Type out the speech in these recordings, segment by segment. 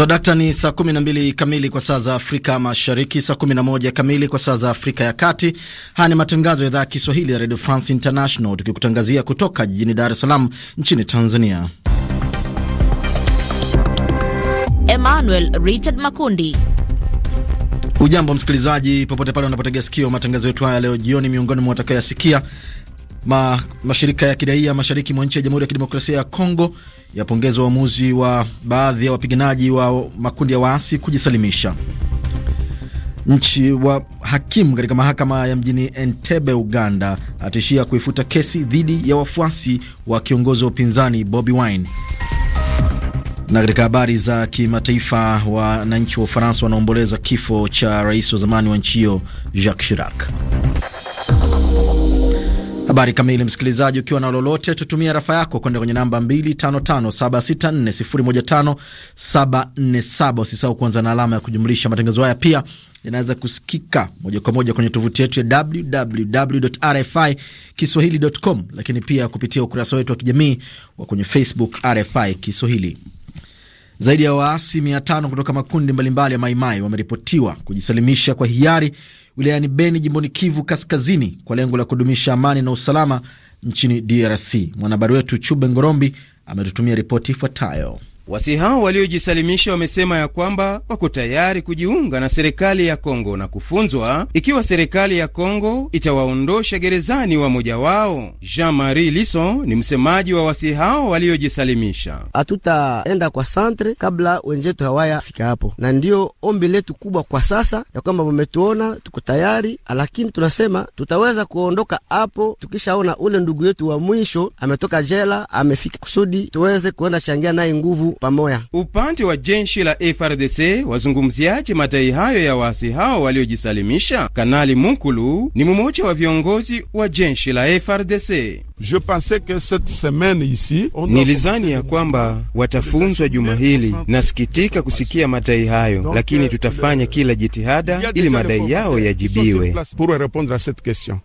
So, so, ni saa 12 kamili kwa saa za Afrika Mashariki, saa 11 kamili kwa saa za Afrika ya Kati. Haya ni matangazo ya idhaa ya Kiswahili ya Radio France International, tukikutangazia kutoka jijini Dar es Salaam nchini Tanzania. Emmanuel Richard Makundi. Ujambo msikilizaji, popote pale unapotega sikio matangazo yetu haya leo jioni, miongoni mwa watakayoyasikia Ma, mashirika ya kiraia mashariki mwa nchi ya Jamhuri ya Kidemokrasia ya Kongo yapongeza uamuzi wa baadhi ya wapiganaji wa makundi ya waasi kujisalimisha nchi wa hakimu katika mahakama ya mjini Entebbe, Uganda, atishia kuifuta kesi dhidi ya wafuasi wa kiongozi wa upinzani Bobi Wine. Na katika habari za kimataifa, wananchi wa Ufaransa wanaomboleza kifo cha rais wa zamani wa nchi hiyo Jacques Chirac. Habari kamili, msikilizaji, ukiwa na lolote, tutumia rafa yako kwenda kwenye namba 255764015747. Usisahau kuanza na alama ya kujumlisha. Matangazo haya pia yanaweza kusikika moja kwa moja kwenye tovuti yetu ya www.rfikiswahili.com, lakini pia kupitia ukurasa wetu wa kijamii wa kwenye Facebook RFI Kiswahili. Zaidi ya waasi 500 kutoka makundi mbalimbali ya Maimai wameripotiwa kujisalimisha kwa hiari wilayani Beni, jimboni Kivu Kaskazini, kwa lengo la kudumisha amani na usalama nchini DRC. Mwanahabari wetu Chube Ngorombi ametutumia ripoti ifuatayo. Wasi hao waliojisalimisha wamesema ya kwamba wako tayari kujiunga na serikali ya Kongo na kufunzwa ikiwa serikali ya Kongo itawaondosha gerezani wa moja wao. Jean Marie Lison ni msemaji wa wasi hao waliojisalimisha. Hatutaenda kwa santre kabla wenzetu hawaya fika hapo, na ndiyo ombi letu kubwa kwa sasa ya kwamba wametuona tuko tayari, lakini tunasema tutaweza kuondoka hapo tukishaona ule ndugu yetu wa mwisho ametoka jela amefika, kusudi tuweze kuenda changia naye nguvu pamoja. Upande wa jeshi la FRDC wazungumziaje madai hayo ya waasi hao waliojisalimisha? Kanali mukulu ni mmoja wa viongozi wa jeshi la FRDC. Nilizani ya kwamba watafunzwa juma hili. Nasikitika kusikia madai hayo, lakini euh, tutafanya kila jitihada ili madai yao yajibiwe.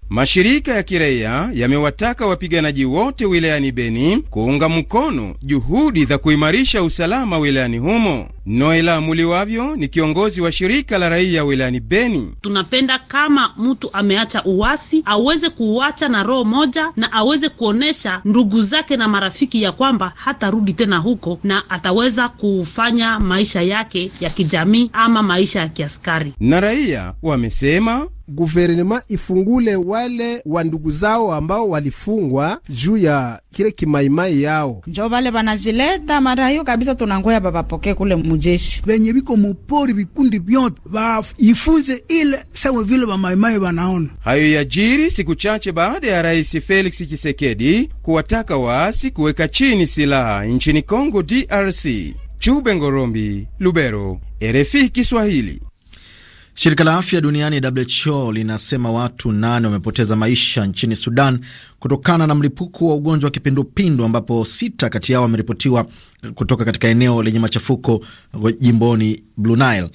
Mashirika ya kiraia yamewataka wapiganaji wote wilayani Beni kuunga mkono juhudi za kuimarisha usalama wilayani humo. Noela Muliwavyo ni kiongozi wa shirika la raia wilayani Beni. Tunapenda kama mtu ameacha uwasi aweze kuuacha na roho moja na aweze aweze kuonesha ndugu zake na marafiki ya kwamba hatarudi tena huko na ataweza kufanya maisha yake ya kijamii ama maisha ya kiaskari. Na raia wamesema guverinema ifungule wale wa ndugu zao ambao walifungwa juu ya kile kimaimai yao, njo vale vanajileta mara hiyo kabisa. Tunangoya vavapoke kule mujeshi venye viko mupori, vikundi vyote vaifunze ile sawe vile vamaimai vanaona. Hayo yajiri siku chache baada ya Rais Felix chisekedi kuwataka waasi kuweka chini silaha nchini congo DRC. Chube Ngorombi, Lubero, RFI Kiswahili. Shirika la afya duniani WHO linasema watu nane wamepoteza maisha nchini Sudan kutokana na mlipuko wa ugonjwa wa kipindupindu ambapo sita kati yao wameripotiwa kutoka katika eneo lenye machafuko jimboni Blue Nile.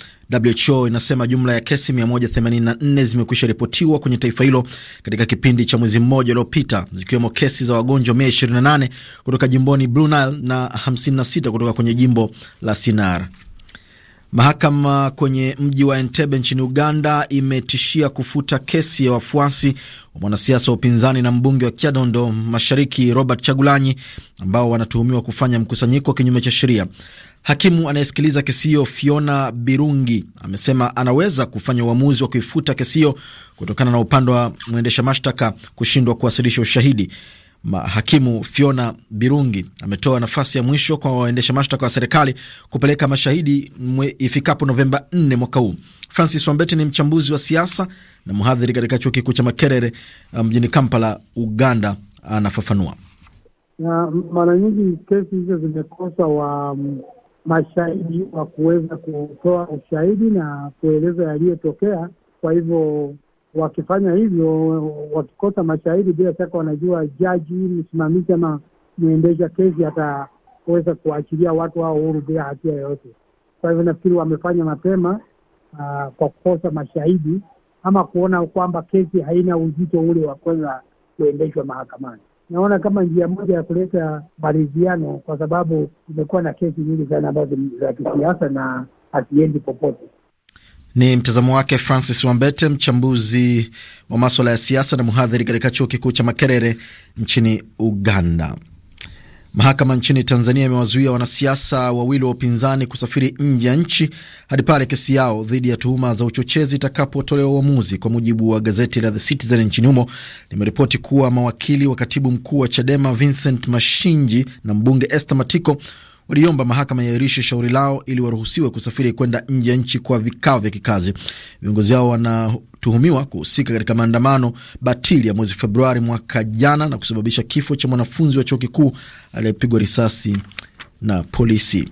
WHO inasema jumla ya kesi 184 zimekwisha ripotiwa kwenye taifa hilo katika kipindi cha mwezi mmoja uliopita, zikiwemo kesi za wagonjwa 128 kutoka jimboni Blue Nile na 56 kutoka kwenye jimbo la Sinar. Mahakama kwenye mji wa Entebbe nchini Uganda imetishia kufuta kesi ya wafuasi wa mwanasiasa wa upinzani na mbunge wa Kyadondo Mashariki Robert Chagulanyi ambao wanatuhumiwa kufanya mkusanyiko kinyume cha sheria. Hakimu anayesikiliza kesi hiyo Fiona Birungi amesema anaweza kufanya uamuzi wa kuifuta kesi hiyo kutokana na upande wa mwendesha mashtaka kushindwa kuwasilisha ushahidi. Hakimu Fiona Birungi ametoa nafasi ya mwisho kwa waendesha mashtaka wa serikali kupeleka mashahidi ifikapo Novemba 4 mwaka huu. Francis Wambete ni mchambuzi wa siasa na mhadhiri katika chuo kikuu cha Makerere uh, mjini um, Kampala, Uganda. Anafafanua. Na mara nyingi kesi hizo zimekosa wa mm, mashahidi wa kuweza kutoa ushahidi na kueleza yaliyotokea, kwa hivyo Wakifanya hivyo, wakikosa mashahidi, bila shaka wanajua jaji, msimamizi ama mwendesha kesi ataweza kuachilia watu hao huru bila hatia yoyote. Kwa hivyo nafikiri wamefanya mapema uh, kwa kukosa mashahidi ama kuona kwamba kesi haina uzito ule wa kuweza kuendeshwa mahakamani. Naona kama njia moja ya kuleta maridhiano, kwa sababu imekuwa na kesi nyingi sana ambazo za kisiasa na haziendi popote. Ni mtazamo wake Francis Wambete, mchambuzi wa maswala ya siasa na mhadhiri katika chuo kikuu cha Makerere nchini Uganda. Mahakama nchini Tanzania imewazuia wanasiasa wawili wa upinzani kusafiri nje ya nchi hadi pale kesi yao dhidi ya tuhuma za uchochezi itakapotolewa uamuzi. Kwa mujibu wa gazeti la The Citizen nchini humo, limeripoti kuwa mawakili wa katibu mkuu wa CHADEMA Vincent Mashinji na mbunge Esther Matiko waliomba mahakama yairishe shauri lao ili waruhusiwe kusafiri kwenda nje ya nchi kwa vikao vya kikazi. Viongozi hao wanatuhumiwa kuhusika katika maandamano batili ya mwezi Februari mwaka jana na kusababisha kifo cha mwanafunzi wa chuo kikuu aliyepigwa risasi na polisi.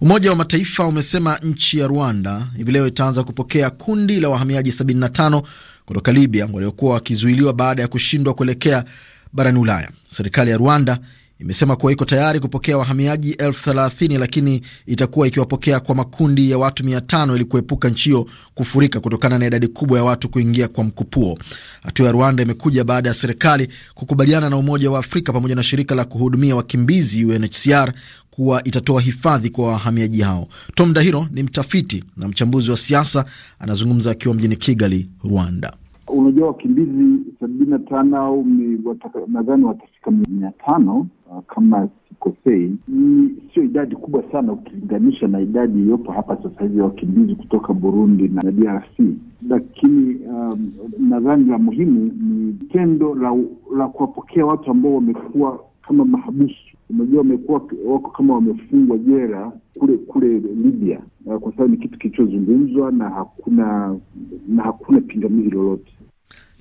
Umoja wa Mataifa umesema nchi ya Rwanda hivi leo itaanza kupokea kundi la wahamiaji 75 kutoka Libya waliokuwa wakizuiliwa baada ya kushindwa kuelekea barani Ulaya. Serikali ya Rwanda imesema kuwa iko tayari kupokea wahamiaji elfu thelathini lakini itakuwa ikiwapokea kwa makundi ya watu mia tano ili kuepuka nchi hiyo kufurika kutokana na idadi kubwa ya watu kuingia kwa mkupuo. Hatua ya Rwanda imekuja baada ya serikali kukubaliana na Umoja wa Afrika pamoja na shirika la kuhudumia wakimbizi UNHCR kuwa itatoa hifadhi kwa wahamiaji hao. Tom Dahiro ni mtafiti na mchambuzi wa siasa, anazungumza akiwa mjini Kigali, Rwanda. Unajua, wakimbizi sabini na tano au nadhani watafika mia tano uh, kama sikosei. Ni sio idadi kubwa sana ukilinganisha na idadi iliyopo hapa sasa hivi ya wakimbizi kutoka Burundi na DRC, lakini um, nadhani la muhimu ni tendo la, la kuwapokea watu ambao wamekuwa kama mahabusu. Unajua, wamekuwa wako kama wamefungwa jera kule kule Libya, uh, kwa sababu ni kitu kilichozungumzwa na hakuna na hakuna pingamizi lolote.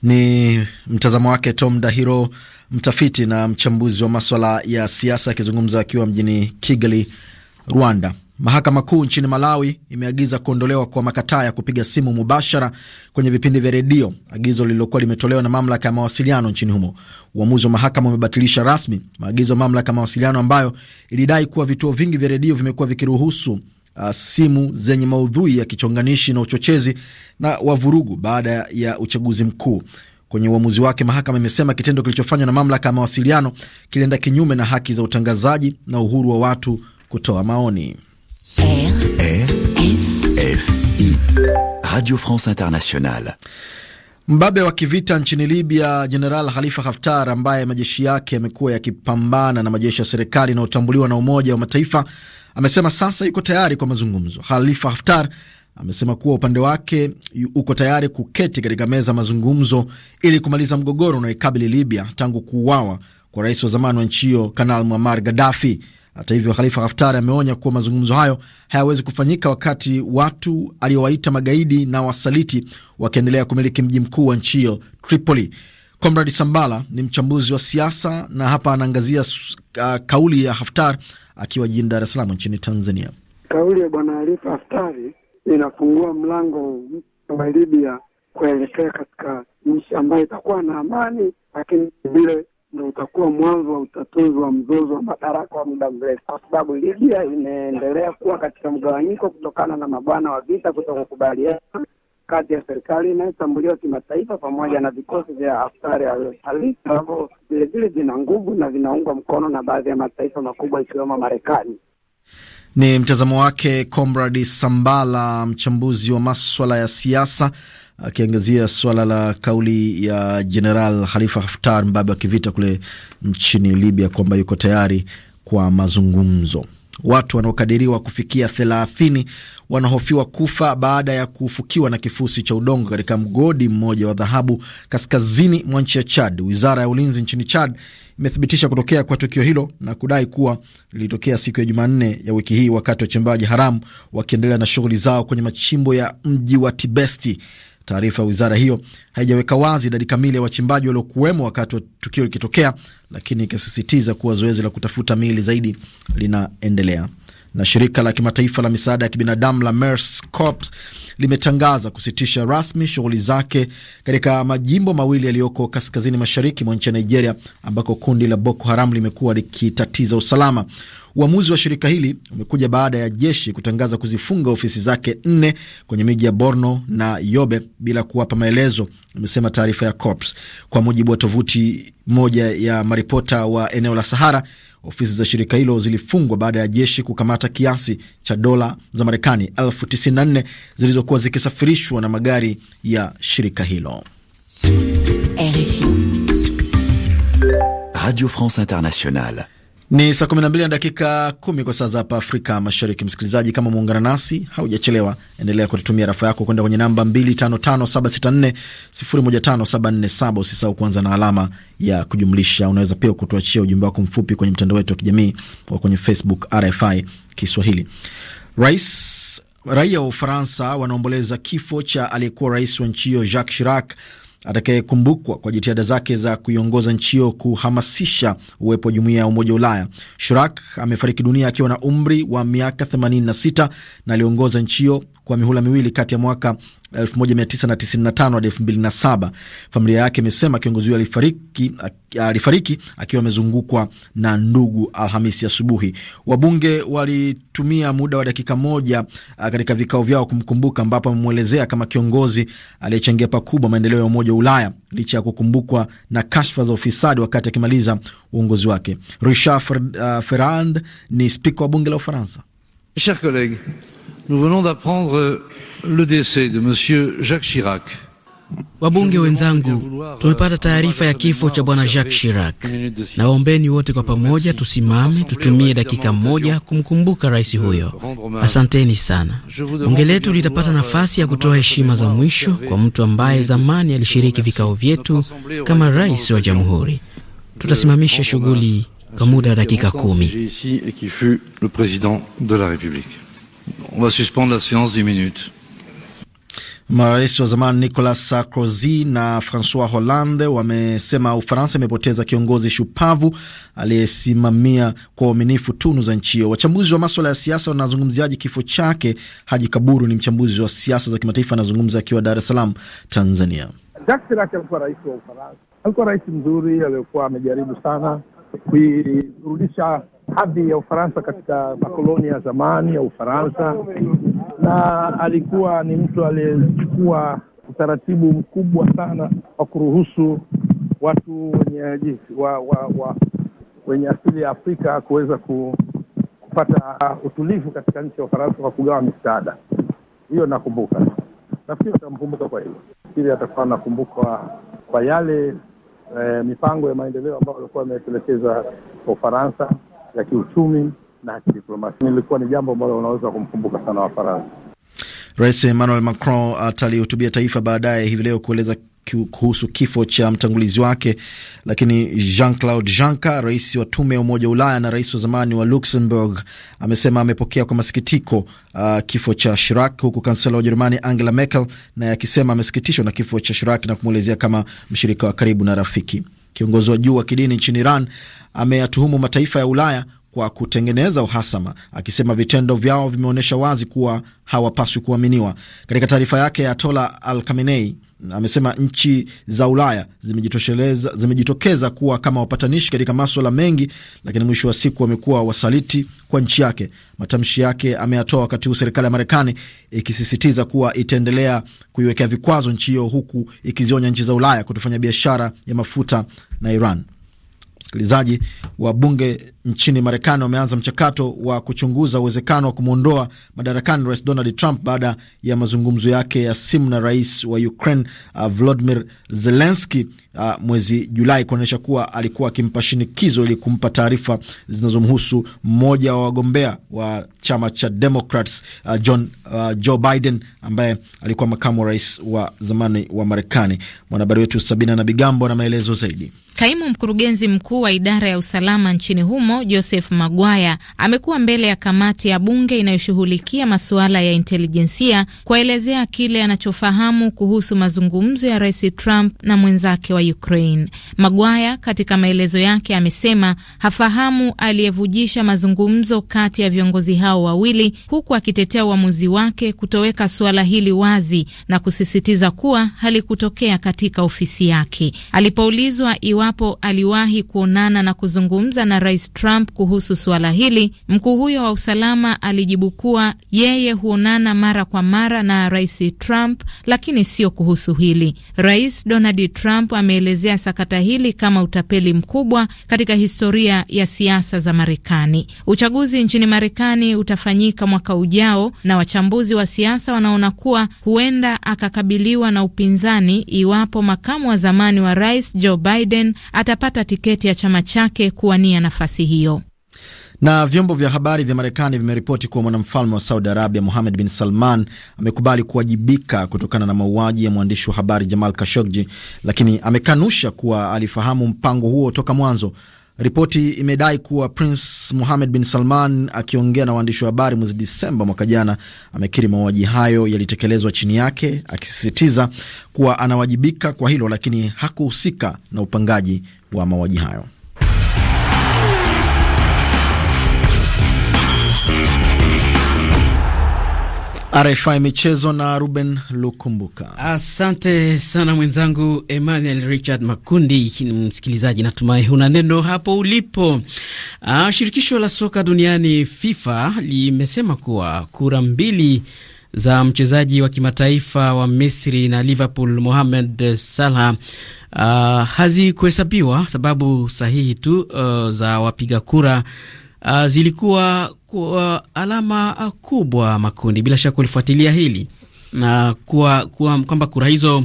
Ni mtazamo wake Tom Dahiro, mtafiti na mchambuzi wa maswala ya siasa, akizungumza akiwa mjini Kigali, Rwanda. Mahakama Kuu nchini Malawi imeagiza kuondolewa kwa makataa ya kupiga simu mubashara kwenye vipindi vya redio, agizo lililokuwa limetolewa na mamlaka ya mawasiliano nchini humo. Uamuzi wa mahakama umebatilisha rasmi maagizo ya mamlaka ya mawasiliano ambayo ilidai kuwa vituo vingi vya redio vimekuwa vikiruhusu uh, simu zenye maudhui ya kichonganishi na uchochezi na wa vurugu baada ya uchaguzi mkuu. Kwenye uamuzi wake, mahakama imesema kitendo kilichofanywa na mamlaka ya mawasiliano kilienda kinyume na haki za utangazaji na uhuru wa watu kutoa maoni. RFI, Radio France Internationale. Mbabe wa kivita nchini Libya Jeneral Khalifa Haftar, ambaye majeshi yake yamekuwa yakipambana na majeshi ya serikali inayotambuliwa na Umoja wa Mataifa, amesema sasa yuko tayari kwa mazungumzo. Khalifa Haftar amesema kuwa upande wake uko tayari kuketi katika meza mazungumzo ili kumaliza mgogoro unaoikabili Libya tangu kuuawa kwa rais wa zamani wa nchi hiyo Kanal Muammar Gaddafi. Hata hivyo, Khalifa Haftar ameonya kuwa mazungumzo hayo hayawezi kufanyika wakati watu aliowaita magaidi na wasaliti wakiendelea kumiliki mji mkuu wa nchi hiyo Tripoli. Comradi Sambala ni mchambuzi wa siasa na hapa anaangazia uh, kauli ya Haftar akiwa jijini Dar es Salaam nchini Tanzania. Kauli ya Bwana Halifa Haftari inafungua mlango wa Libya kuelekea katika nchi ambayo itakuwa na amani, lakini vile ndo utakuwa mwanzo wa utatuzi wa mzozo wa madaraka wa muda mrefu, kwa sababu Libya imeendelea kuwa katika mgawanyiko kutokana na mabwana wa vita kutokukubaliana kati ya serikali inayotambuliwa kimataifa pamoja na vikosi vya askari halisi ambavyo vilevile vina nguvu na vinaungwa mkono na baadhi ya mataifa makubwa ikiwemo Marekani. Ni mtazamo wake Comrade Sambala, mchambuzi wa maswala ya siasa, akiangazia swala la kauli ya Jeneral Khalifa Haftar, mbabe wa kivita kule nchini Libya, kwamba yuko tayari kwa mazungumzo. Watu wanaokadiriwa kufikia thelathini wanahofiwa kufa baada ya kufukiwa na kifusi cha udongo katika mgodi mmoja wa dhahabu kaskazini mwa nchi ya Chad. Wizara ya ulinzi nchini Chad imethibitisha kutokea kwa tukio hilo na kudai kuwa lilitokea siku ya Jumanne ya wiki hii wakati wachimbaji haramu wakiendelea na shughuli zao kwenye machimbo ya mji wa Tibesti. Taarifa ya wizara hiyo haijaweka wazi idadi kamili ya wachimbaji waliokuwemo wakati wa tukio likitokea, lakini ikasisitiza kuwa zoezi la kutafuta miili zaidi linaendelea. Na shirika la kimataifa la misaada ya kibinadamu la Mercy Corps limetangaza kusitisha rasmi shughuli zake katika majimbo mawili yaliyoko kaskazini mashariki mwa nchi ya Nigeria ambako kundi la Boko Haram limekuwa likitatiza usalama. Uamuzi wa shirika hili umekuja baada ya jeshi kutangaza kuzifunga ofisi zake nne kwenye miji ya Borno na Yobe bila kuwapa maelezo, imesema taarifa ya Corps. Kwa mujibu wa tovuti moja ya maripota wa eneo la Sahara, Ofisi za shirika hilo zilifungwa baada ya jeshi kukamata kiasi cha dola za Marekani elfu zilizokuwa zikisafirishwa na magari ya shirika hilo. RFI Radio France Internationale ni saa 12 na dakika kumi kwa saa za hapa Afrika Mashariki. Msikilizaji, kama umeungana nasi haujachelewa, endelea kututumia rafa yako kwenda kwenye namba 255764015747. Usisahau kuanza na alama ya kujumlisha. Unaweza pia kutuachia ujumbe wako mfupi kwenye mtandao wetu wa kijamii wa kwenye Facebook RFI Kiswahili. Rais raia wa Ufaransa wanaomboleza kifo cha aliyekuwa rais wa nchi hiyo Jacques Chirac atakayekumbukwa kwa jitihada zake za kuiongoza nchi hiyo kuhamasisha uwepo wa jumuiya ya Umoja wa Ulaya. shurak amefariki dunia akiwa na umri wa miaka 86 na aliongoza nchi hiyo kwa mihula miwili kati ya mwaka 1995 hadi 2007. Familia yake imesema kiongozi huyo alifariki, alifariki akiwa amezungukwa na ndugu Alhamisi asubuhi. Wabunge walitumia muda wa dakika moja katika vikao vyao kumkumbuka, ambapo amemwelezea kama kiongozi aliyechangia pakubwa maendeleo ya Umoja wa Ulaya licha ya kukumbukwa na kashfa za ufisadi wakati akimaliza uongozi wake. Richard Ferrand ni spika wa bunge la Ufaransa. Nous venons d'apprendre euh, le décès de monsieur Jacques Chirac. Wabunge wenzangu, euh, tumepata taarifa ya kifo cha bwana Jacques Chirac. Nawaombeni wote kwa pamoja tusimame, tutumie dakika moja kumkumbuka rais huyo. Asanteni sana. Bunge letu litapata nafasi ya euh, kutoa heshima za mwisho kwa mtu ambaye zamani alishiriki vikao vyetu kama rais wa jamhuri. Tutasimamisha shughuli kwa muda wa dakika kumi. On va suspendre la séance 10 minutes. Marais wa zamani Nicolas Sarkozy na Francois Hollande wamesema Ufaransa imepoteza kiongozi shupavu aliyesimamia kwa uaminifu tunu za nchi hiyo. Wachambuzi wa maswala ya siasa wanazungumziaji kifo chake? Haji Kaburu ni mchambuzi wa siasa za kimataifa, anazungumza akiwa Dar es Salaam, Tanzania. Jacques Chirac alikuwa rais wa Ufaransa, alikuwa rais mzuri, aliokuwa amejaribu sana kuirudisha hadhi ya Ufaransa katika makoloni ya zamani ya Ufaransa, na alikuwa ni mtu aliyechukua utaratibu mkubwa sana wa kuruhusu watu wenye wa, wa, wa, wenye asili ya Afrika kuweza ku, kupata utulivu katika nchi ya Ufaransa kwa kugawa misaada hiyo. Nakumbuka, nafikiri atamkumbuka kwa hilo, nafikiri atakuwa nakumbuka kwa yale eh, mipango ya maendeleo ambayo alikuwa amepelekeza kwa Ufaransa ya kiuchumi na kidiplomasia. Ilikuwa ni jambo ambalo unaweza kumkumbuka sana Wafaransa. Rais Emmanuel Macron atalihutubia taifa baadaye hivi leo kueleza kuhusu kifo cha mtangulizi wake, lakini Jean Claude Juncker, rais wa tume ya Umoja wa Ulaya na rais wa zamani wa Luxembourg, amesema amepokea kwa masikitiko uh, kifo cha Shirak, huku kansela wa Ujerumani Angela Merkel naye akisema amesikitishwa na kifo cha Shirak na kumwelezea kama mshirika wa karibu na rafiki kiongozi wa juu wa kidini nchini Iran ameyatuhumu mataifa ya Ulaya kwa kutengeneza uhasama, akisema vitendo vyao vimeonyesha wazi kuwa hawapaswi kuaminiwa. Katika taarifa yake ya tola Al Khamenei amesema nchi za Ulaya zimejitokeza kuwa kama wapatanishi katika maswala mengi, lakini mwisho wa siku wamekuwa wasaliti kwa nchi yake. Matamshi yake ameyatoa wakati huu serikali ya Marekani ikisisitiza kuwa itaendelea kuiwekea vikwazo nchi hiyo, huku ikizionya nchi za Ulaya kutofanya biashara ya mafuta na Iran. Msikilizaji, bunge nchini Marekani wameanza mchakato wa kuchunguza uwezekano wa kumwondoa madarakani Rais Donald Trump baada ya mazungumzo yake ya simu na rais wa Ukraine uh, Volodymyr Zelensky uh, mwezi Julai kuonyesha kuwa alikuwa akimpa shinikizo ili kumpa taarifa zinazomhusu mmoja wa wagombea wa chama cha Democrats uh, John, uh, Joe Biden ambaye alikuwa makamu wa rais wa zamani wa Marekani. Mwanahabari wetu Sabina Nabigambo na maelezo zaidi. Kaimu mkurugenzi mkuu wa idara ya usalama nchini humo Joseph Magwaya amekuwa mbele ya kamati ya bunge inayoshughulikia masuala ya intelijensia kuelezea kile anachofahamu kuhusu mazungumzo ya Rais Trump na mwenzake wa Ukraine. Magwaya katika maelezo yake amesema hafahamu aliyevujisha mazungumzo kati ya viongozi hao wawili, huku akitetea uamuzi wake kutoweka suala hili wazi na kusisitiza kuwa halikutokea katika ofisi yake. Alipoulizwa iwa iwapo aliwahi kuonana na kuzungumza na Rais Trump kuhusu suala hili, mkuu huyo wa usalama alijibu kuwa yeye huonana mara kwa mara na Rais Trump, lakini sio kuhusu hili. Rais Donald Trump ameelezea sakata hili kama utapeli mkubwa katika historia ya siasa za Marekani. Uchaguzi nchini Marekani utafanyika mwaka ujao na wachambuzi wa siasa wanaona kuwa huenda akakabiliwa na upinzani iwapo makamu wa zamani wa rais Joe Biden atapata tiketi ya chama chake kuwania nafasi hiyo. Na vyombo vya habari vya Marekani vimeripoti kuwa mwanamfalme wa Saudi Arabia muhamed bin Salman amekubali kuwajibika kutokana na mauaji ya mwandishi wa habari Jamal kashogji lakini amekanusha kuwa alifahamu mpango huo toka mwanzo. Ripoti imedai kuwa Prince Mohammed bin Salman akiongea na waandishi wa habari mwezi Disemba mwaka jana amekiri mauaji hayo yalitekelezwa chini yake, akisisitiza kuwa anawajibika kwa hilo, lakini hakuhusika na upangaji wa mauaji hayo. RFI Michezo na Ruben Lukumbuka. Asante sana mwenzangu Emmanuel Richard Makundi. Msikilizaji, natumai huna neno hapo ulipo. Uh, shirikisho la soka duniani FIFA limesema kuwa kura mbili za mchezaji wa kimataifa wa Misri na Liverpool Mohamed Salah uh, hazikuhesabiwa sababu sahihi tu uh, za wapiga kura uh, zilikuwa kwa ah, alama ah, kubwa makundi. Bila shaka ulifuatilia hili na kuwa kwamba kura hizo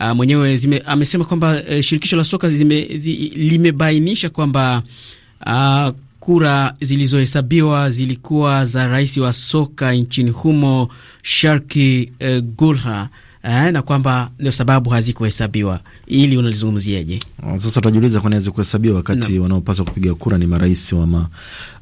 uh, mwenyewe zime, amesema kwamba uh, shirikisho la soka zime, zi, limebainisha kwamba uh, kura zilizohesabiwa zilikuwa za rais wa soka nchini humo Sharki uh, Gulha Eh, na kwamba ndio sababu hazikuhesabiwa. Ili unalizungumziaje ah, sasa? Utajiuliza kwani hazikuhesabiwa wakati no. wanaopaswa kupiga kura ni marais wa ma,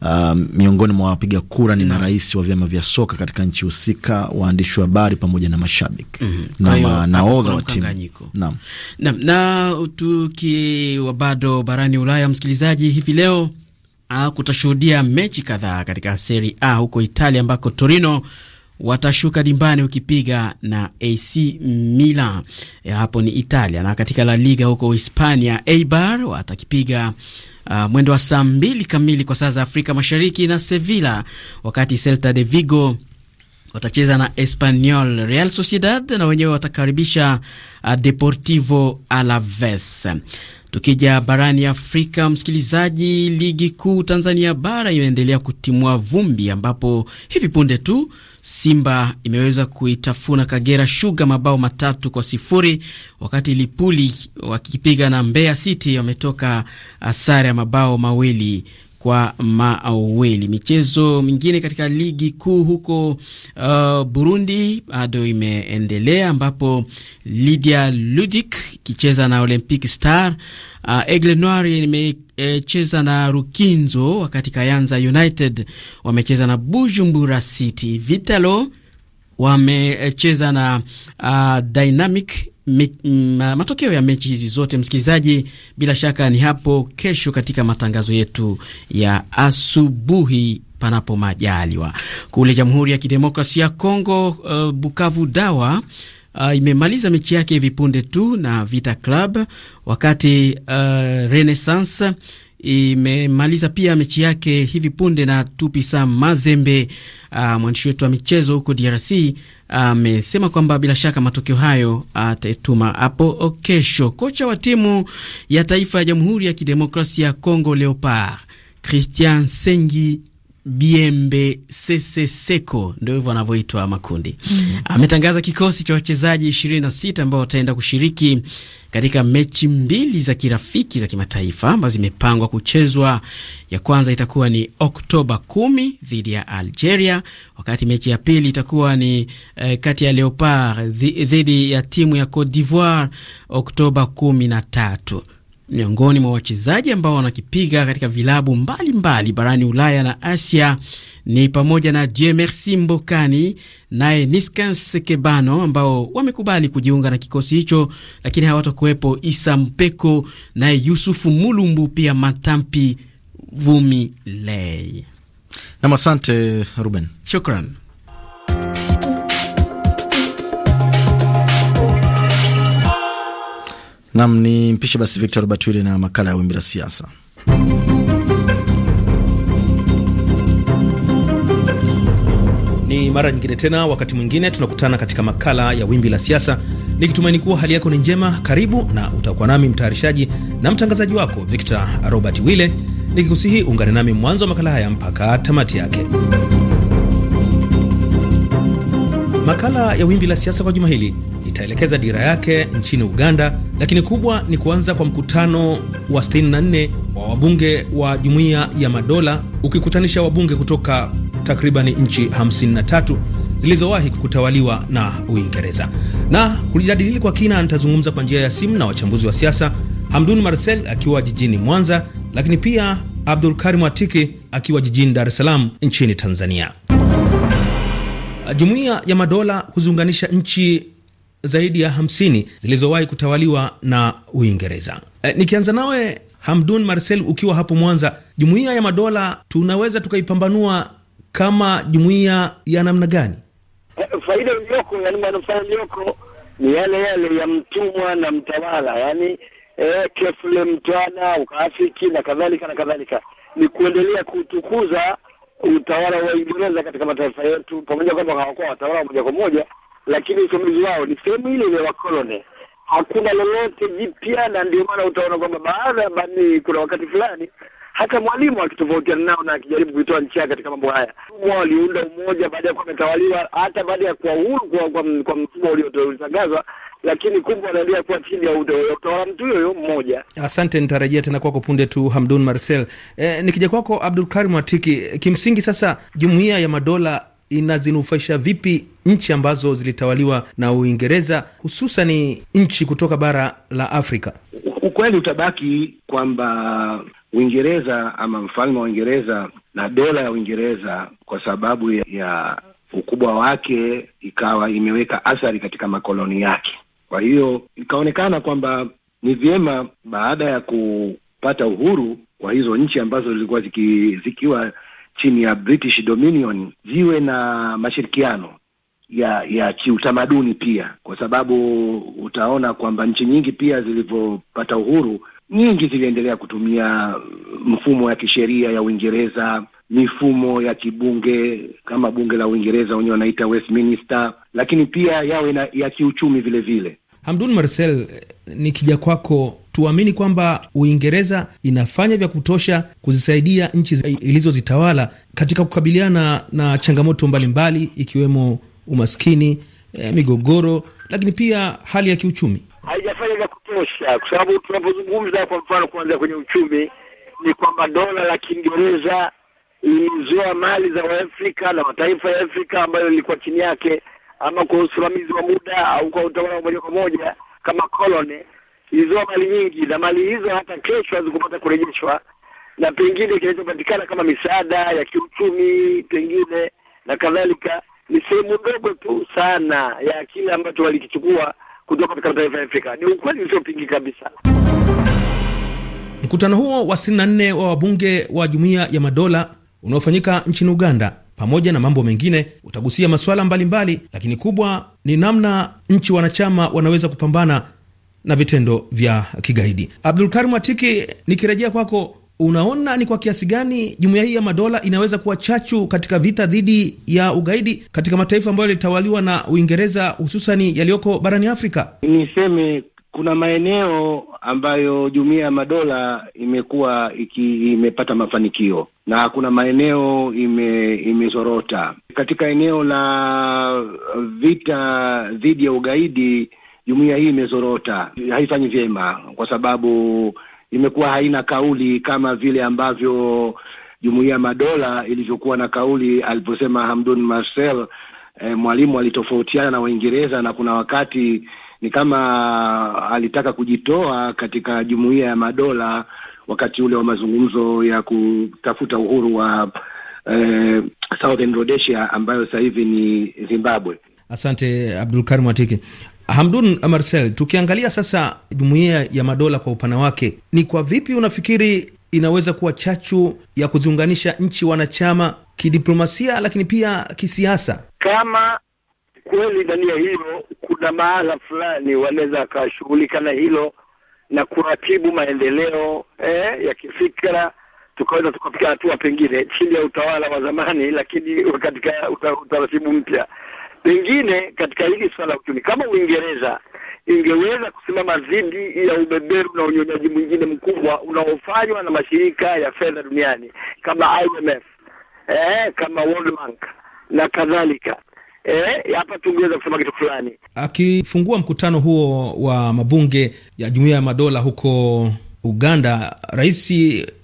uh, miongoni mwa wapiga kura ni no. marais wa vyama vya soka katika nchi husika, waandishi wa habari pamoja na mashabiki mm -hmm. na naodha wa timu na, na, na tukiwa bado barani Ulaya, msikilizaji, hivi leo ah, kutashuhudia mechi kadhaa katika Serie A huko Italia ambako Torino watashuka dimbani ukipiga na AC Milan ya e, hapo ni Italia, na katika La Liga huko Hispania, Eibar watakipiga uh, mwendo wa saa mbili kamili kwa saa za Afrika Mashariki na Sevilla, wakati Celta de Vigo watacheza na Espanyol. Real Sociedad na wenyewe watakaribisha uh, Deportivo Alaves. Tukija barani Afrika, msikilizaji, ligi kuu Tanzania bara inaendelea kutimua vumbi, ambapo hivi punde tu Simba imeweza kuitafuna Kagera Sugar mabao matatu kwa sifuri, wakati Lipuli wakipiga na Mbeya City wametoka uh, sare ya mabao mawili kwa mawili. Michezo mingine katika ligi kuu huko uh, Burundi bado imeendelea ambapo Lydia Ludic ikicheza na Olympic Star uh, Aigle Noir imecheza e, na Rukinzo, wakati Kayanza United wamecheza na Bujumbura City. Vitalo wamecheza na uh, Dynamic me, na matokeo ya mechi hizi zote msikilizaji, bila shaka ni hapo kesho katika matangazo yetu ya asubuhi panapo majaliwa. Kule Jamhuri ya Kidemokrasia ya Kongo, uh, Bukavu Dawa uh, imemaliza mechi yake hivi punde tu na Vita Club, wakati uh, Renaissance imemaliza pia mechi yake hivi punde na Tupisa Mazembe. Uh, mwandishi wetu wa michezo huko DRC amesema uh, kwamba bila shaka matokeo hayo atatuma uh, hapo kesho. Kocha wa timu ya taifa ya Jamhuri ya Kidemokrasia ya Kongo Leopard Christian Sengi Biembe Sese Seko, ndio hivyo wanavyoitwa makundi. Mm. Ametangaza kikosi cha wachezaji ishirini na sita ambao wataenda kushiriki katika mechi mbili za kirafiki za kimataifa ambazo zimepangwa kuchezwa. Ya kwanza itakuwa ni Oktoba kumi dhidi ya Algeria, wakati mechi ya pili itakuwa ni eh, kati ya Leopard dhidi ya timu ya Cote d'Ivoire Oktoba tatu miongoni mwa wachezaji ambao wanakipiga katika vilabu mbalimbali mbali barani Ulaya na Asia ni pamoja na Dieu Merci Mbokani naye Niskans Kebano ambao wamekubali kujiunga na kikosi hicho, lakini hawatakuwepo Isa Mpeko naye Yusufu Mulumbu pia Matampi Vumi Lei. Nam, asante Ruben, shukran. Nam ni mpishe basi Victor Robert wille na makala ya wimbi la siasa. Ni mara nyingine tena, wakati mwingine tunakutana katika makala ya wimbi la siasa, nikitumaini kuwa hali yako ni njema. Karibu na utakuwa nami mtayarishaji na mtangazaji wako Victor Robert wille nikikusihi ungane nami mwanzo wa makala haya mpaka tamati yake. Makala ya wimbi la siasa kwa juma hili itaelekeza dira yake nchini Uganda, lakini kubwa ni kuanza kwa mkutano wa 64 wa wabunge wa Jumuiya ya Madola ukikutanisha wabunge kutoka takribani nchi 53 zilizowahi kutawaliwa na Uingereza. Na kulijadili kwa kina, nitazungumza kwa njia ya simu na wachambuzi wa siasa, Hamdun Marcel akiwa jijini Mwanza, lakini pia Abdul Karim Atiki akiwa jijini Dar es Salaam nchini Tanzania. Jumuiya ya Madola huziunganisha nchi zaidi ya 50 zilizowahi kutawaliwa na Uingereza. E, nikianza nawe Hamdun Marcel, ukiwa hapo Mwanza, jumuiya ya madola tunaweza tukaipambanua kama jumuiya ya namna gani? Eh, faida iliyoko, yani manufaa iliyoko ni yale yale ya mtumwa na mtawala, yani e, eh, kefule mtwana ukaafiki na kadhalika na kadhalika, ni kuendelea kutukuza utawala wa Uingereza katika mataifa yetu, pamoja kwamba hawakuwa watawala wa moja kwa moja, lakini uchaguzi wao ni sehemu ile ile wakoloni. Hakuna lolote jipya, na ndio maana utaona kwamba baada ya bani, kuna wakati fulani hata mwalimu akitofautiana nao na akijaribu kuitoa nchi yake katika mambo haya. Wao waliunda umoja baada ya kuwa wametawaliwa, hata baada ya kuwa uhuru kwa, kwa, kwa mfumo uliotangazwa, lakini kumbe wanaendelea kuwa chini ya utawala mtu huyo mmoja. Asante, nitarajia tena kwako punde tu, Hamdun Marcel. E, nikija kwako Abdulkarim Atiki, kimsingi sasa jumuiya ya madola inazinufaisha vipi nchi ambazo zilitawaliwa na Uingereza, hususani nchi kutoka bara la Afrika. Ukweli utabaki kwamba Uingereza ama mfalme wa Uingereza na dola ya Uingereza kwa sababu ya ukubwa wake ikawa imeweka athari katika makoloni yake. Kwa hiyo ikaonekana kwamba ni vyema baada ya kupata uhuru kwa hizo nchi ambazo zilikuwa ziki, zikiwa chini ya British Dominion ziwe na mashirikiano ya ya kiutamaduni pia, kwa sababu utaona kwamba nchi nyingi pia zilivyopata uhuru nyingi ziliendelea kutumia mfumo ya kisheria ya Uingereza, mifumo ya kibunge kama bunge la Uingereza wenyewe wanaita Westminster, lakini pia yawe na, ya kiuchumi vile vile. Hamdun Marcel, nikija kwako, tuamini kwamba Uingereza inafanya vya kutosha kuzisaidia nchi ilizozitawala katika kukabiliana na changamoto mbalimbali mbali, ikiwemo umaskini, eh, migogoro, lakini pia hali ya kiuchumi haijafanya vya kutosha, kwa sababu tunapozungumza, kwa mfano, kuanzia kwenye uchumi ni kwamba dola la Kiingereza ilizoa mali za Waafrika na mataifa ya Afrika ambayo ilikuwa chini yake, ama kwa usimamizi wa muda au kwa utawala wa moja kwa moja kama koloni, ilizoa mali nyingi, na mali hizo hata kesho hazikupata kurejeshwa, na pengine kinachopatikana kama misaada ya kiuchumi pengine na kadhalika ni sehemu ndogo tu sana ya kile ambacho walikichukua kutoka katika mataifa ya Afrika. Ni ukweli usiopingi kabisa. Mkutano huo wa 64 wa wabunge wa Jumuiya ya Madola unaofanyika nchini Uganda pamoja na mambo mengine utagusia masuala mbalimbali, lakini kubwa ni namna nchi wanachama wanaweza kupambana na vitendo vya kigaidi. Abdulkarim Atiki, nikirejea kwako Unaona ni kwa kiasi gani jumuiya hii ya madola inaweza kuwa chachu katika vita dhidi ya ugaidi katika mataifa ambayo yalitawaliwa na Uingereza, hususani yaliyoko barani Afrika? Niseme kuna maeneo ambayo jumuiya ya madola imekuwa imepata mafanikio na kuna maeneo ime, imezorota. Katika eneo la vita dhidi ya ugaidi, jumuiya hii imezorota, haifanyi vyema kwa sababu imekuwa haina kauli kama vile ambavyo Jumuiya ya Madola ilivyokuwa na kauli aliposema Hamdun Marcel. E, Mwalimu alitofautiana na Waingereza na kuna wakati ni kama alitaka kujitoa katika Jumuiya ya Madola wakati ule wa mazungumzo ya kutafuta uhuru wa e, eh, Southern Rhodesia ambayo sasa hivi ni Zimbabwe. Asante Abdulkarim Atiki. Hamdun Marcel, tukiangalia sasa jumuiya ya madola kwa upana wake, ni kwa vipi unafikiri inaweza kuwa chachu ya kuziunganisha nchi wanachama kidiplomasia, lakini pia kisiasa? Kama kweli ndani ya hilo kuna mahala fulani wanaweza akashughulika na hilo na kuratibu maendeleo eh, ya kifikra, tukaweza tukafika hatua pengine chini ya utawala wa zamani, lakini katika utaratibu mpya Pengine katika hili swala uchumi, kama Uingereza ingeweza kusimama dhidi ya ubeberu na unyonyaji mwingine mkubwa unaofanywa na mashirika ya fedha duniani kama IMF, eh, kama World Bank na kadhalika eh, hapa e, tungeweza kusema kitu fulani. Akifungua mkutano huo wa mabunge ya Jumuiya ya Madola huko Uganda, rais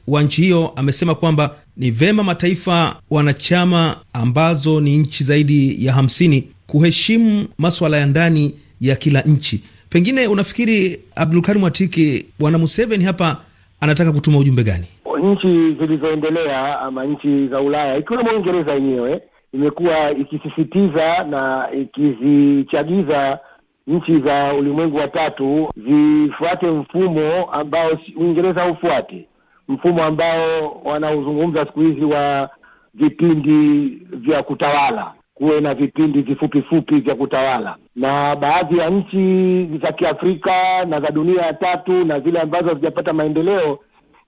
wa nchi hiyo amesema kwamba ni vema mataifa wanachama ambazo ni nchi zaidi ya hamsini kuheshimu maswala ya ndani ya kila nchi. Pengine unafikiri Abdulkarim Watiki, bwana Museveni hapa anataka kutuma ujumbe gani? Nchi zilizoendelea ama nchi za Ulaya ikiwemo Uingereza yenyewe imekuwa ikisisitiza na ikizichagiza nchi za ulimwengu wa tatu zifuate mfumo ambao Uingereza haufuati mfumo ambao wanaozungumza siku hizi wa vipindi vya kutawala, kuwe na vipindi vifupifupi vya kutawala. Na baadhi ya nchi za Kiafrika na za dunia ya tatu na zile ambazo hazijapata maendeleo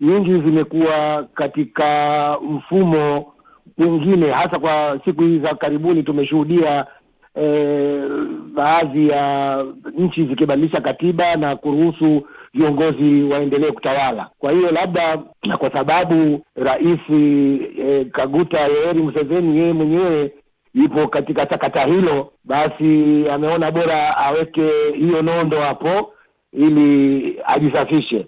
nyingi zimekuwa katika mfumo mwingine, hasa kwa siku hizi za karibuni tumeshuhudia eh, baadhi ya nchi zikibadilisha katiba na kuruhusu viongozi waendelee kutawala. Kwa hiyo labda na kwa sababu rais eh, Kaguta Yoweri Museveni yeye mwenyewe yupo katika sakata hilo, basi ameona bora aweke hiyo nondo hapo ili ajisafishe.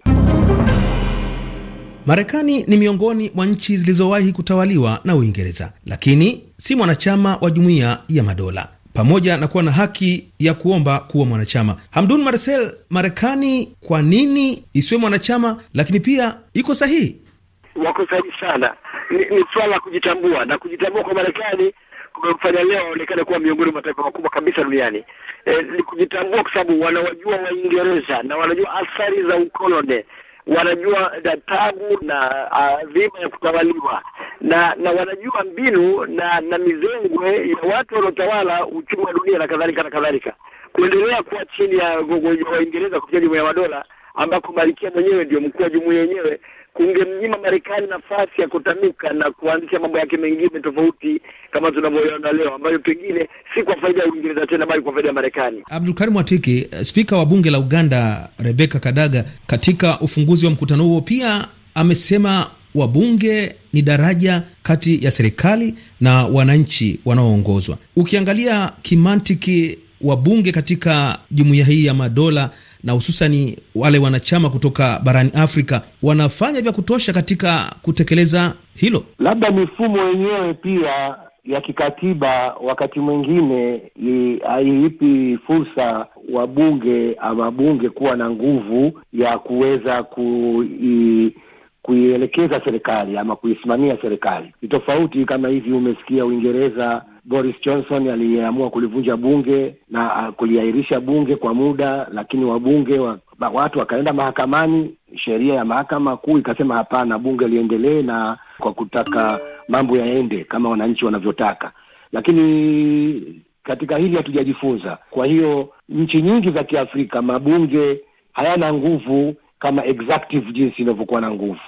Marekani ni miongoni mwa nchi zilizowahi kutawaliwa na Uingereza, lakini si mwanachama wa Jumuiya ya Madola pamoja na kuwa na haki ya kuomba kuwa mwanachama. Hamdun Marcel, Marekani kwa nini isiwe mwanachama, lakini pia iko sahihi? Wako sahihi sana. Ni, ni swala la kujitambua na kujitambua kwa Marekani kumemfanya leo waonekane kuwa miongoni mwa mataifa makubwa kabisa duniani. E, ni kujitambua kwa sababu wanawajua Waingereza na wanajua athari za ukoloni wanajua tabu na uh, adhima ya kutawaliwa na na wanajua mbinu na na mizengwe ya watu waliotawala uchumi wa dunia na kadhalika na kadhalika. Kuendelea kuwa chini ya Waingereza kupitia jumuiya ya madola ambako Malkia mwenyewe ndio mkuu wa jumuiya yenyewe, kungemnyima Marekani nafasi ya kutanuka na kuanzisha mambo yake mengine tofauti kama tunavyoona leo, ambayo pengine si kwa faida ya Uingereza tena bali kwa faida ya Marekani. Abdulkarim Watiki, eh, spika wa bunge la Uganda Rebecca Kadaga, katika ufunguzi wa mkutano huo pia amesema wabunge ni daraja kati ya serikali na wananchi wanaoongozwa. Ukiangalia kimantiki, wabunge katika jumuiya hii ya madola na hususani wale wanachama kutoka barani Afrika wanafanya vya kutosha katika kutekeleza hilo? Labda mifumo yenyewe pia ya kikatiba wakati mwingine haiipi fursa wabunge ama bunge kuwa na nguvu ya kuweza ku i, kuielekeza serikali ama kuisimamia serikali. Ni tofauti kama hivi, umesikia Uingereza Boris Johnson aliyeamua kulivunja bunge na uh, kuliahirisha bunge kwa muda, lakini wabunge wa, watu wakaenda mahakamani. Sheria ya mahakama kuu ikasema hapana, bunge liendelee na kwa kutaka mambo yaende kama wananchi wanavyotaka, lakini katika hili hatujajifunza. Kwa hiyo nchi nyingi za Kiafrika mabunge hayana nguvu kama executive jinsi inavyokuwa na nguvu.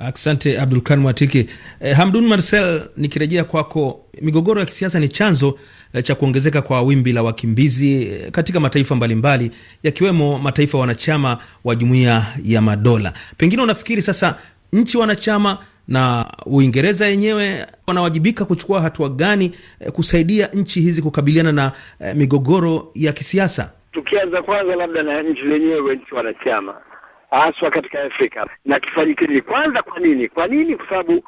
Asante Abdulkan Mwatiki. Eh, Hamdun Marcel, nikirejea kwako, migogoro ya kisiasa ni chanzo eh, cha kuongezeka kwa wimbi la wakimbizi eh, katika mataifa mbalimbali yakiwemo mataifa wanachama wa jumuiya ya Madola. Pengine unafikiri sasa nchi wanachama na Uingereza yenyewe wanawajibika kuchukua hatua gani eh, kusaidia nchi hizi kukabiliana na eh, migogoro ya kisiasa? Tukianza kwanza labda na nchi zenyewe, nchi wanachama haswa katika Afrika na kifanyike nini? Kwanza, kwa nini? Kwa nini? Kwa sababu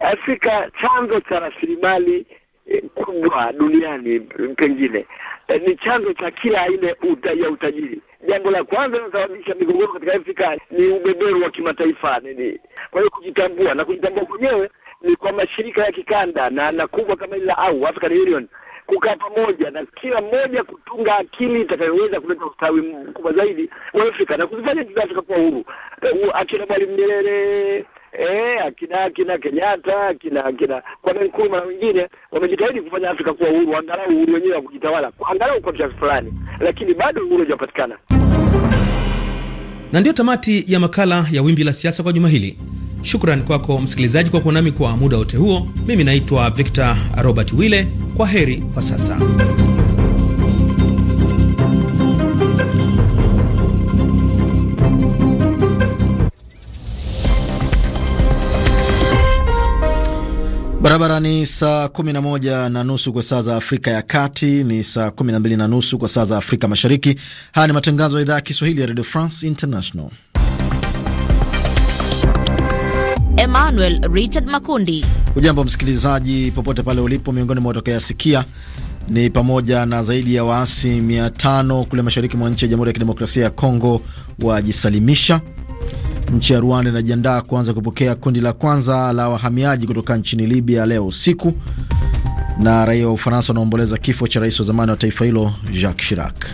Afrika chanzo cha rasilimali eh, kubwa duniani pengine e, ni chanzo cha kila aina uta, ya utajiri. Jambo la kwanza linalosababisha migogoro katika Afrika ni ubeberu wa kimataifa nini. Kwa hiyo kujitambua na kujitambua kwenyewe ni kwa mashirika ya kikanda na na kubwa kama ile la AU African Union kukaa pamoja na kila mmoja kutunga akili itakayoweza kuleta ustawi mkubwa zaidi wa Afrika na kuzifanya nchi za Afrika kuwa huru. Akina Mwalimu Nyerere eh, akina akina Kenyatta akina akina Kwame Nkrumah na wengine wamejitahidi kufanya Afrika kuwa huru, angalau uhuru wenyewe wa kujitawala, angalau kwa kiasi fulani, lakini bado uhuru hujapatikana. Na ndiyo tamati ya makala ya Wimbi la Siasa kwa juma hili shukran kwako msikilizaji kwa kuwa nami kwa muda wote huo. Mimi naitwa Victor Robert Wille, kwa heri kwa sasa. Barabara ni saa 11 na nusu kwa saa za Afrika ya Kati, ni saa 12 na nusu kwa saa za Afrika Mashariki. Haya ni matangazo ya idhaa ya Kiswahili ya Radio France International. Emmanuel Richard Makundi. Ujambo msikilizaji, popote pale ulipo, miongoni mwa sikia ni pamoja na zaidi ya waasi 500 kule mashariki mwa nchi ya Jamhuri ya Kidemokrasia ya Kongo wajisalimisha. Nchi ya Rwanda inajiandaa kuanza kupokea kundi la kwanza la wahamiaji kutoka nchini Libya leo usiku, na raia wa Ufaransa wanaomboleza kifo cha rais wa zamani wa taifa hilo Jacques Chirac.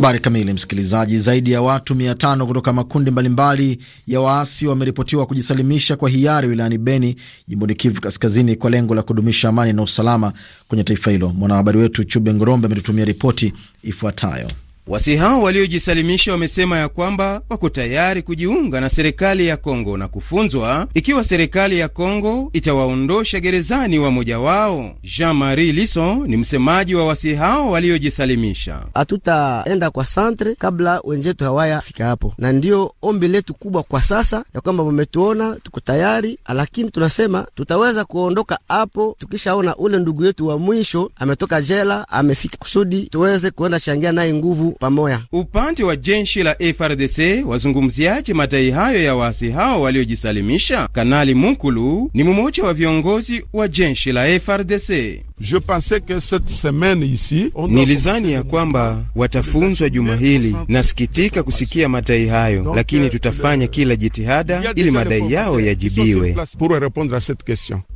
Habari kamili, msikilizaji. Zaidi ya watu mia tano kutoka makundi mbalimbali ya waasi wameripotiwa kujisalimisha kwa hiari wilayani Beni, jimboni Kivu Kaskazini, kwa lengo la kudumisha amani na usalama kwenye taifa hilo. Mwanahabari wetu Chube Ngorombe ametutumia ripoti ifuatayo. Wasi hao waliojisalimisha wamesema ya kwamba wako tayari kujiunga na serikali ya Kongo na kufunzwa ikiwa serikali ya Kongo itawaondosha gerezani wa moja wao. Jean Marie Lison ni msemaji wa wasi hao waliojisalimisha. Hatutaenda kwa santre kabla wenzetu hawaya fika hapo, na ndiyo ombi letu kubwa kwa sasa ya kwamba wametuona tuko tayari, lakini tunasema tutaweza kuondoka hapo tukishaona ule ndugu yetu wa mwisho ametoka jela amefika, kusudi tuweze kuenda changia naye nguvu pamoja. Upande wa jeshi la FRDC wazungumziaje madai hayo ya waasi hao waliojisalimisha? Kanali Mukulu ni mmoja wa viongozi wa jeshi la FRDC. Nilizani ya kwamba watafunzwa juma hili. Nasikitika kusikia madai hayo, lakini euh, tutafanya kila jitihada ili madai yao yajibiwe.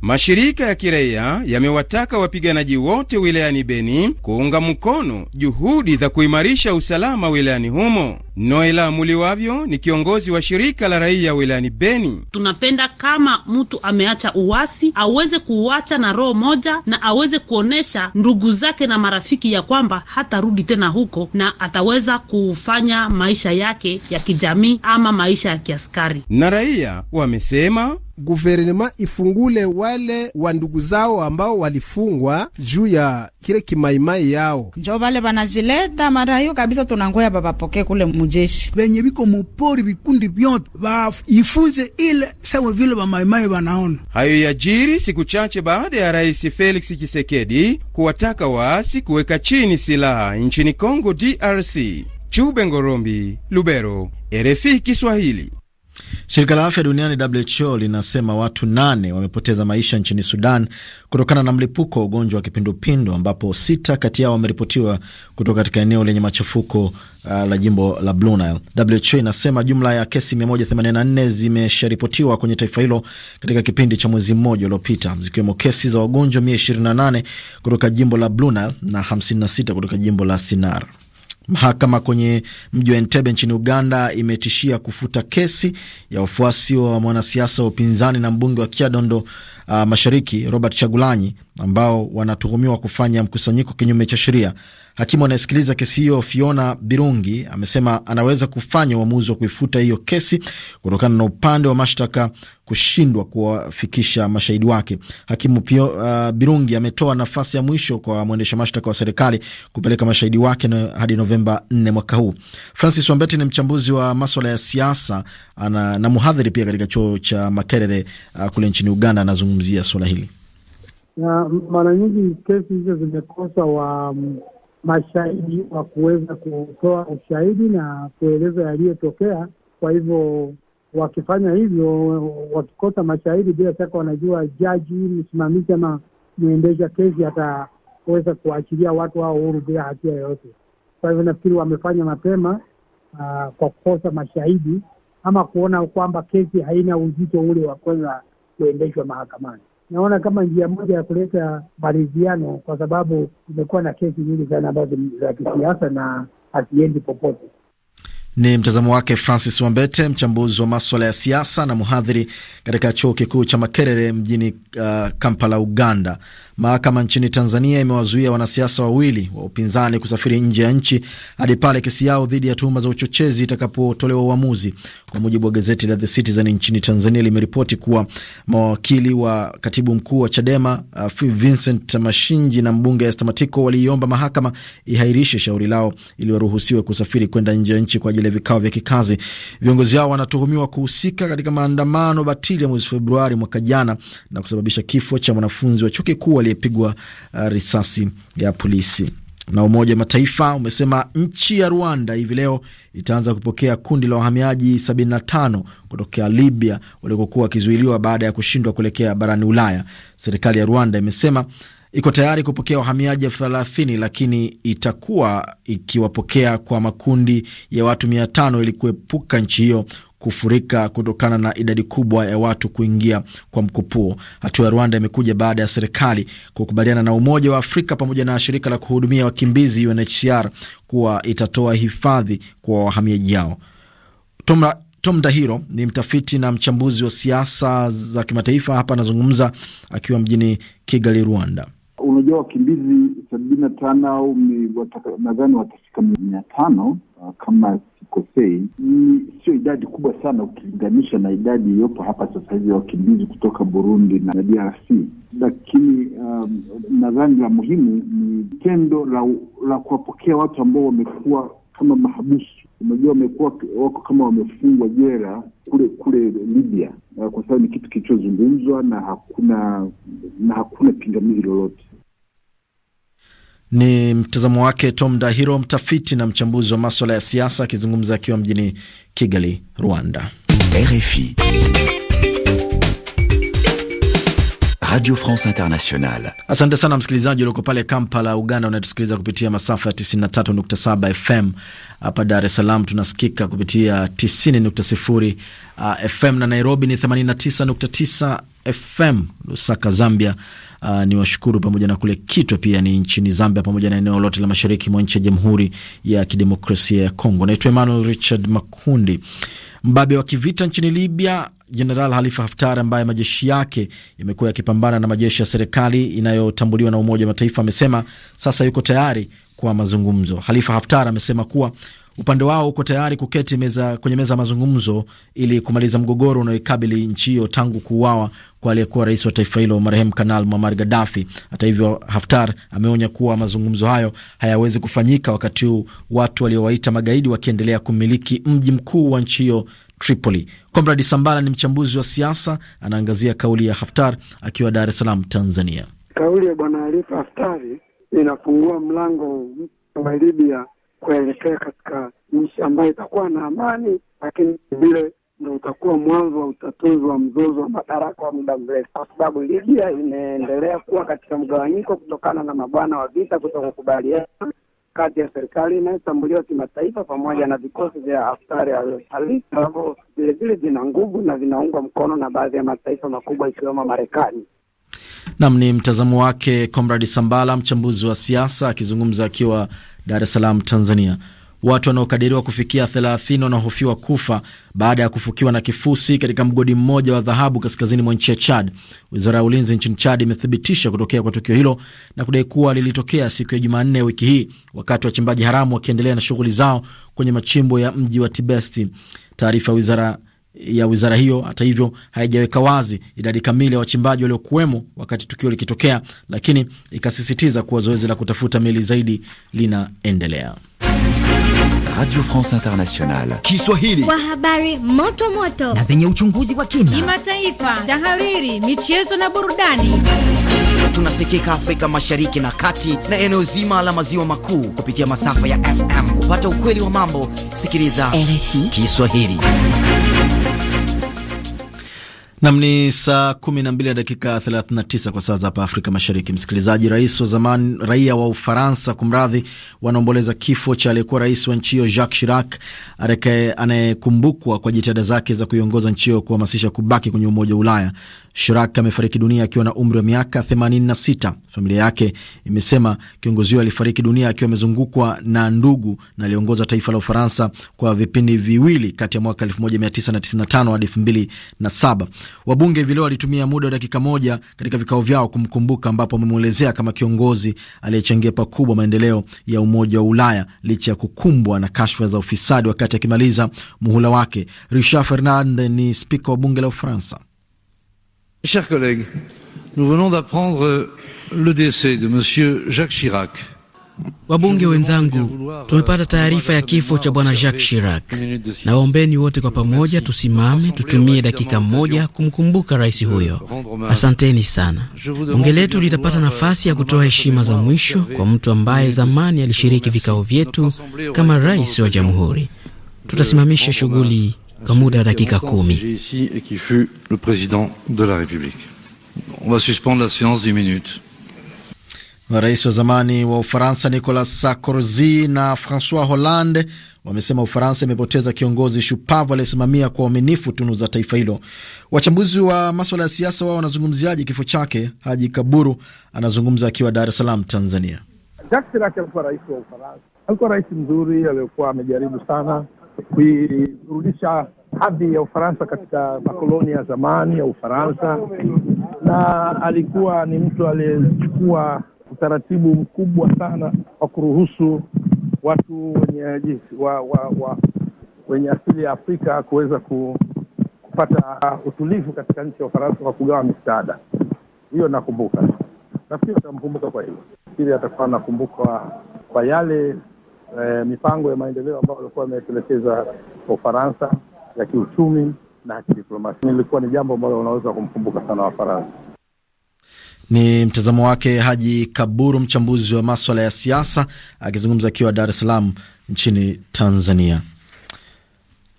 Mashirika ya kiraia yamewataka wapiganaji wote wilayani Beni kuunga mkono juhudi za kuimarisha usalama wilayani humo. Noela Muliwavyo ni kiongozi wa shirika la raia wilayani Beni. Tunapenda kama mtu ameacha uwasi aweze kuuacha na roho moja, na aweze kuonyesha ndugu zake na marafiki ya kwamba hatarudi tena huko, na ataweza kufanya maisha yake ya kijamii ama maisha ya kiaskari. Na raia wamesema guvernema ifungule wale wa ndugu zao ambao walifungwa juu ya kile kimaimai yao, njo vale vanajileta mara hiyo kabisa. Tunangoya vavapoke kule mujeshi, venye viko mupori, vikundi vyote vaifunze ile sawa vile vamaimai vanaona. Hayo yajiri siku chache baada ya Rais Felix chisekedi kuwataka waasi kuweka chini silaha nchini congo DRC. Chube Ngorombi, Lubero, RFI Kiswahili. Shirika la afya duniani WHO linasema watu nane wamepoteza maisha nchini Sudan kutokana na mlipuko wa ugonjwa wa kipindupindu ambapo sita kati yao wameripotiwa kutoka katika eneo lenye machafuko uh, la jimbo la Blue Nile. WHO inasema jumla ya kesi 184 zimesharipotiwa kwenye taifa hilo katika kipindi cha mwezi mmoja uliopita, zikiwemo kesi za wagonjwa 128 kutoka jimbo la Blue Nile na 56 kutoka jimbo la Sinar. Mahakama kwenye mji wa Entebbe nchini Uganda imetishia kufuta kesi ya wafuasi wa mwanasiasa wa upinzani na mbunge wa Kiadondo uh, Mashariki Robert Chagulanyi ambao wanatuhumiwa kufanya mkusanyiko kinyume cha sheria. Hakimu anayesikiliza kesi hiyo Fiona Birungi amesema anaweza kufanya uamuzi wa kuifuta hiyo kesi kutokana na upande wa mashtaka kushindwa kuwafikisha mashahidi wake. Hakimu Pio, uh, Birungi ametoa nafasi ya mwisho kwa mwendesha mashtaka wa serikali kupeleka mashahidi wake na hadi Novemba 4 mwaka huu. Francis Wambeti ni mchambuzi wa maswala ya siasa ana, na mhadhiri pia katika chuo cha Makerere uh, kule nchini Uganda. Anazungumzia swala hili. Mara nyingi kesi hizo zimekosa wa mashahidi wa kuweza kutoa ushahidi na kueleza yaliyotokea. Kwa hivyo wakifanya hivyo, wakikosa mashahidi, bila shaka wanajua jaji, msimamizi ama mwendesha kesi ataweza kuachilia watu hao huru bila hatia yoyote. Kwa hivyo nafikiri wamefanya mapema uh, kwa kukosa mashahidi ama kuona kwamba kesi haina uzito ule wa kuweza kuendeshwa mahakamani naona kama njia moja ya kuleta maridhiano, kwa sababu kumekuwa na kesi nyingi sana ambazo za kisiasa na haziendi popote. Ni mtazamo wake Francis Wambete, mchambuzi wa maswala ya siasa na mhadhiri katika chuo kikuu cha Makerere mjini uh, Kampala, Uganda. Mahakama nchini Tanzania imewazuia wanasiasa wawili wa upinzani kusafiri nje ya nchi hadi pale kesi yao dhidi ya tuhuma za uchochezi itakapotolewa uamuzi. Kwa mujibu wa gazeti la The Citizen nchini Tanzania, limeripoti kuwa mawakili wa katibu mkuu wa Chadema uh, Vincent Mashinji na mbunge Esther Matiko waliiomba mahakama ihairishe shauri lao ili waruhusiwe kusafiri kwenda nje ya nchi kwa ajili ya vikao vya kikazi. Viongozi hao wanatuhumiwa kuhusika katika maandamano batili ya mwezi Februari mwaka jana na kusababisha kifo cha mwanafunzi wa chuo kikuu waliyepigwa uh, risasi ya polisi. Na Umoja wa Mataifa umesema nchi ya Rwanda hivi leo itaanza kupokea kundi la wahamiaji 75 kutokea Libya walikokuwa wakizuiliwa baada ya kushindwa kuelekea barani Ulaya. Serikali ya Rwanda imesema iko tayari kupokea wahamiaji elfu thelathini lakini itakuwa ikiwapokea kwa makundi ya watu mia tano ili kuepuka nchi hiyo kufurika kutokana na idadi kubwa ya watu kuingia kwa mkupuo. Hatua ya Rwanda imekuja baada ya serikali kukubaliana na Umoja wa Afrika pamoja na shirika la kuhudumia wakimbizi UNHCR kuwa itatoa hifadhi kwa wahamiaji yao. Tom Dahiro ni mtafiti na mchambuzi wa siasa za kimataifa. Hapa anazungumza akiwa mjini Kigali, Rwanda. Unajua, wakimbizi na tano nadhani watafika mia tano ah, kama sikosei. Sio idadi kubwa sana ukilinganisha na idadi iliyopo hapa sasa hivi ya wakimbizi kutoka Burundi na DRC, lakini um, nadhani la muhimu ni tendo la, la kuwapokea watu ambao wamekuwa kama mahabusu. Unajua, wamekuwa wako kama wamefungwa jera kule kule Libya, ah, kwa sababu ni kitu kilichozungumzwa na hakuna na hakuna pingamizi lolote. Ni mtazamo wake Tom Dahiro, mtafiti na mchambuzi wa maswala ya siasa, akizungumza akiwa mjini Kigali, Rwanda. RFI, Radio France Internationale. Asante sana msikilizaji ulioko pale Kampala, Uganda, unatusikiliza kupitia masafa ya 93.7 FM. Hapa Dar es Salaam tunasikika kupitia 90.0 uh, FM na Nairobi ni 89.9 FM. Lusaka, Zambia uh, ah, ni washukuru pamoja na kule Kitwe pia ni nchini Zambia pamoja na eneo lote la mashariki mwa nchi ya Jamhuri ya Kidemokrasia ya Kongo. Naitwa Emmanuel Richard Makundi. Mbabe wa kivita nchini Libya Jeneral Halifa Haftar ambaye majeshi yake yamekuwa yakipambana na majeshi ya serikali inayotambuliwa na Umoja wa Mataifa amesema sasa yuko tayari kwa mazungumzo. Halifa Haftar amesema kuwa upande wao uko tayari kuketi meza, kwenye meza ya mazungumzo ili kumaliza mgogoro unaoikabili nchi hiyo tangu kuuawa kwa aliyekuwa rais wa taifa hilo marehemu Kanal Muamar Gadafi. Hata hivyo, Haftar ameonya kuwa mazungumzo hayo hayawezi kufanyika wakati huu watu waliowaita magaidi wakiendelea kumiliki mji mkuu wa nchi hiyo Tripoli. Comradi Sambala ni mchambuzi wa siasa, anaangazia kauli ya Haftar akiwa Dar es Salaam, Tanzania. Kauli ya bwana Halifa Haftari inafungua mlango wa Libya kuelekea katika nchi ambayo itakuwa na amani, lakini vile ndo utakuwa mwanzo wa utatuzi wa mzozo wa madaraka wa muda mrefu, kwa sababu Libya imeendelea kuwa katika mgawanyiko kutokana na mabwana wa vita kutokukubaliana kati ya serikali inayotambuliwa kimataifa pamoja na vikosi vya askari al ambavyo vilevile vina nguvu na vinaungwa mkono na baadhi ya mataifa makubwa ikiwemo Marekani. Nam ni mtazamo wake Comrade Sambala, mchambuzi wa siasa akizungumza akiwa Dar es Salaam, Tanzania. Watu wanaokadiriwa kufikia 30 wanahofiwa kufa baada ya kufukiwa na kifusi katika mgodi mmoja wa dhahabu kaskazini mwa nchi ya Chad. Wizara ya ulinzi nchini Chad imethibitisha kutokea kwa tukio hilo na kudai kuwa lilitokea siku ya Jumanne wiki hii, wakati wachimbaji haramu wakiendelea na shughuli zao kwenye machimbo ya mji wa Tibesti. Taarifa ya wizara ya wizara hiyo. Hata hivyo, haijaweka wazi idadi kamili ya wachimbaji waliokuwemo wakati tukio likitokea, lakini ikasisitiza kuwa zoezi la kutafuta meli zaidi linaendelea. Radio France Internationale Kiswahili, kwa habari moto moto na zenye uchunguzi wa kina, kimataifa, tahariri, michezo na burudani. Tunasikika Afrika Mashariki na Kati na eneo zima la maziwa makuu kupitia masafa ya FM. Kupata ukweli wa mambo, sikiliza RFI Kiswahili. Nam ni saa kumi na mbili na dakika 39 kwa saa za hapa Afrika Mashariki. Msikilizaji, rais wa zamani, raia wa Ufaransa kumradhi, wanaomboleza kifo cha aliyekuwa rais wa nchi hiyo Jacques Chirac anayekumbukwa kwa jitihada zake za kuiongoza nchi hiyo kuhamasisha kubaki kwenye Umoja wa Ulaya. Chirac amefariki dunia akiwa na umri wa miaka 86. Familia yake imesema kiongozi huyo alifariki dunia akiwa amezungukwa na ndugu na aliongoza taifa la Ufaransa kwa vipindi viwili kati ya mwaka 1995 hadi 2007. Wabunge vile walitumia muda wa dakika moja katika vikao vyao kumkumbuka, ambapo wamemwelezea kama kiongozi aliyechangia pakubwa maendeleo ya Umoja wa Ulaya licha ya kukumbwa na kashfa za ufisadi wakati akimaliza muhula wake. Richard Fernande ni spika wa bunge la Ufaransa. Chers collègues, nous venons d'apprendre le décès de monsieur Jacques Chirac Wabunge wenzangu, tumepata taarifa ya kifo cha bwana Jacques Chirac. Nawaombeni wote kwa pamoja tusimame, tutumie dakika moja kumkumbuka rais huyo. Asanteni sana. Bunge letu litapata nafasi ya kutoa heshima za mwisho kwa mtu ambaye zamani alishiriki vikao vyetu kama rais wa jamhuri. Tutasimamisha shughuli kwa muda wa dakika kumi. Rais wa zamani wa Ufaransa Nicolas Sarkozy na Francois Hollande wamesema Ufaransa imepoteza kiongozi shupavu aliyesimamia kwa uaminifu tunu za taifa hilo. Wachambuzi wa maswala ya siasa wao wanazungumziaje kifo chake? Haji Kaburu anazungumza akiwa Dar es Salaam, Tanzania. Jacques Chirac alikuwa rais wa Ufaransa, alikuwa rais mzuri aliyokuwa amejaribu sana kuirudisha hadhi ya Ufaransa katika makoloni ya zamani ya Ufaransa, na alikuwa ni mtu aliyechukua utaratibu mkubwa sana wa kuruhusu watu wenye wa, wa, wa wenye asili ya Afrika kuweza ku, kupata uh, utulivu katika nchi ya Ufaransa kwa kugawa misaada hiyo. Nakumbuka, nafikiri atamkumbuka kwa hilo, nafikiri atakuwa nakumbuka kwa yale eh, mipango ya maendeleo ambayo alikuwa ametelekeza kwa Ufaransa ya kiuchumi na kidiplomasia. Ilikuwa ni jambo ambalo unaweza kumkumbuka sana Wafaransa. Ni mtazamo wake Haji Kaburu, mchambuzi wa maswala ya siasa, akizungumza akiwa Dar es Salaam nchini Tanzania.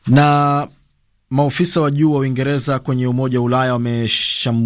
Na maofisa wa juu wa Uingereza kwenye Umoja wa Ulaya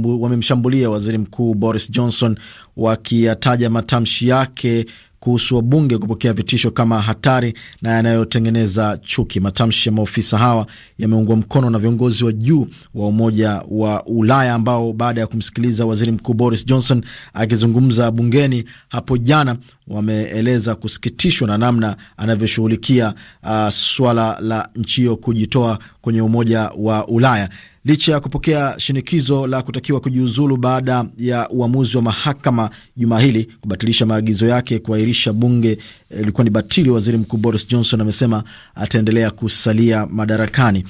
wamemshambulia waziri mkuu Boris Johnson wakiyataja matamshi yake kuhusu wabunge kupokea vitisho kama hatari na yanayotengeneza chuki. Matamshi ya maofisa hawa yameungwa mkono na viongozi wa juu wa Umoja wa Ulaya ambao baada ya kumsikiliza waziri mkuu Boris Johnson akizungumza bungeni hapo jana, wameeleza kusikitishwa na namna anavyoshughulikia uh, swala la nchi hiyo kujitoa kwenye Umoja wa Ulaya licha ya kupokea shinikizo la kutakiwa kujiuzulu baada ya uamuzi wa mahakama juma hili kubatilisha maagizo yake kuahirisha bunge eh, ilikuwa ni batili. Waziri Mkuu Boris Johnson amesema ataendelea kusalia madarakani.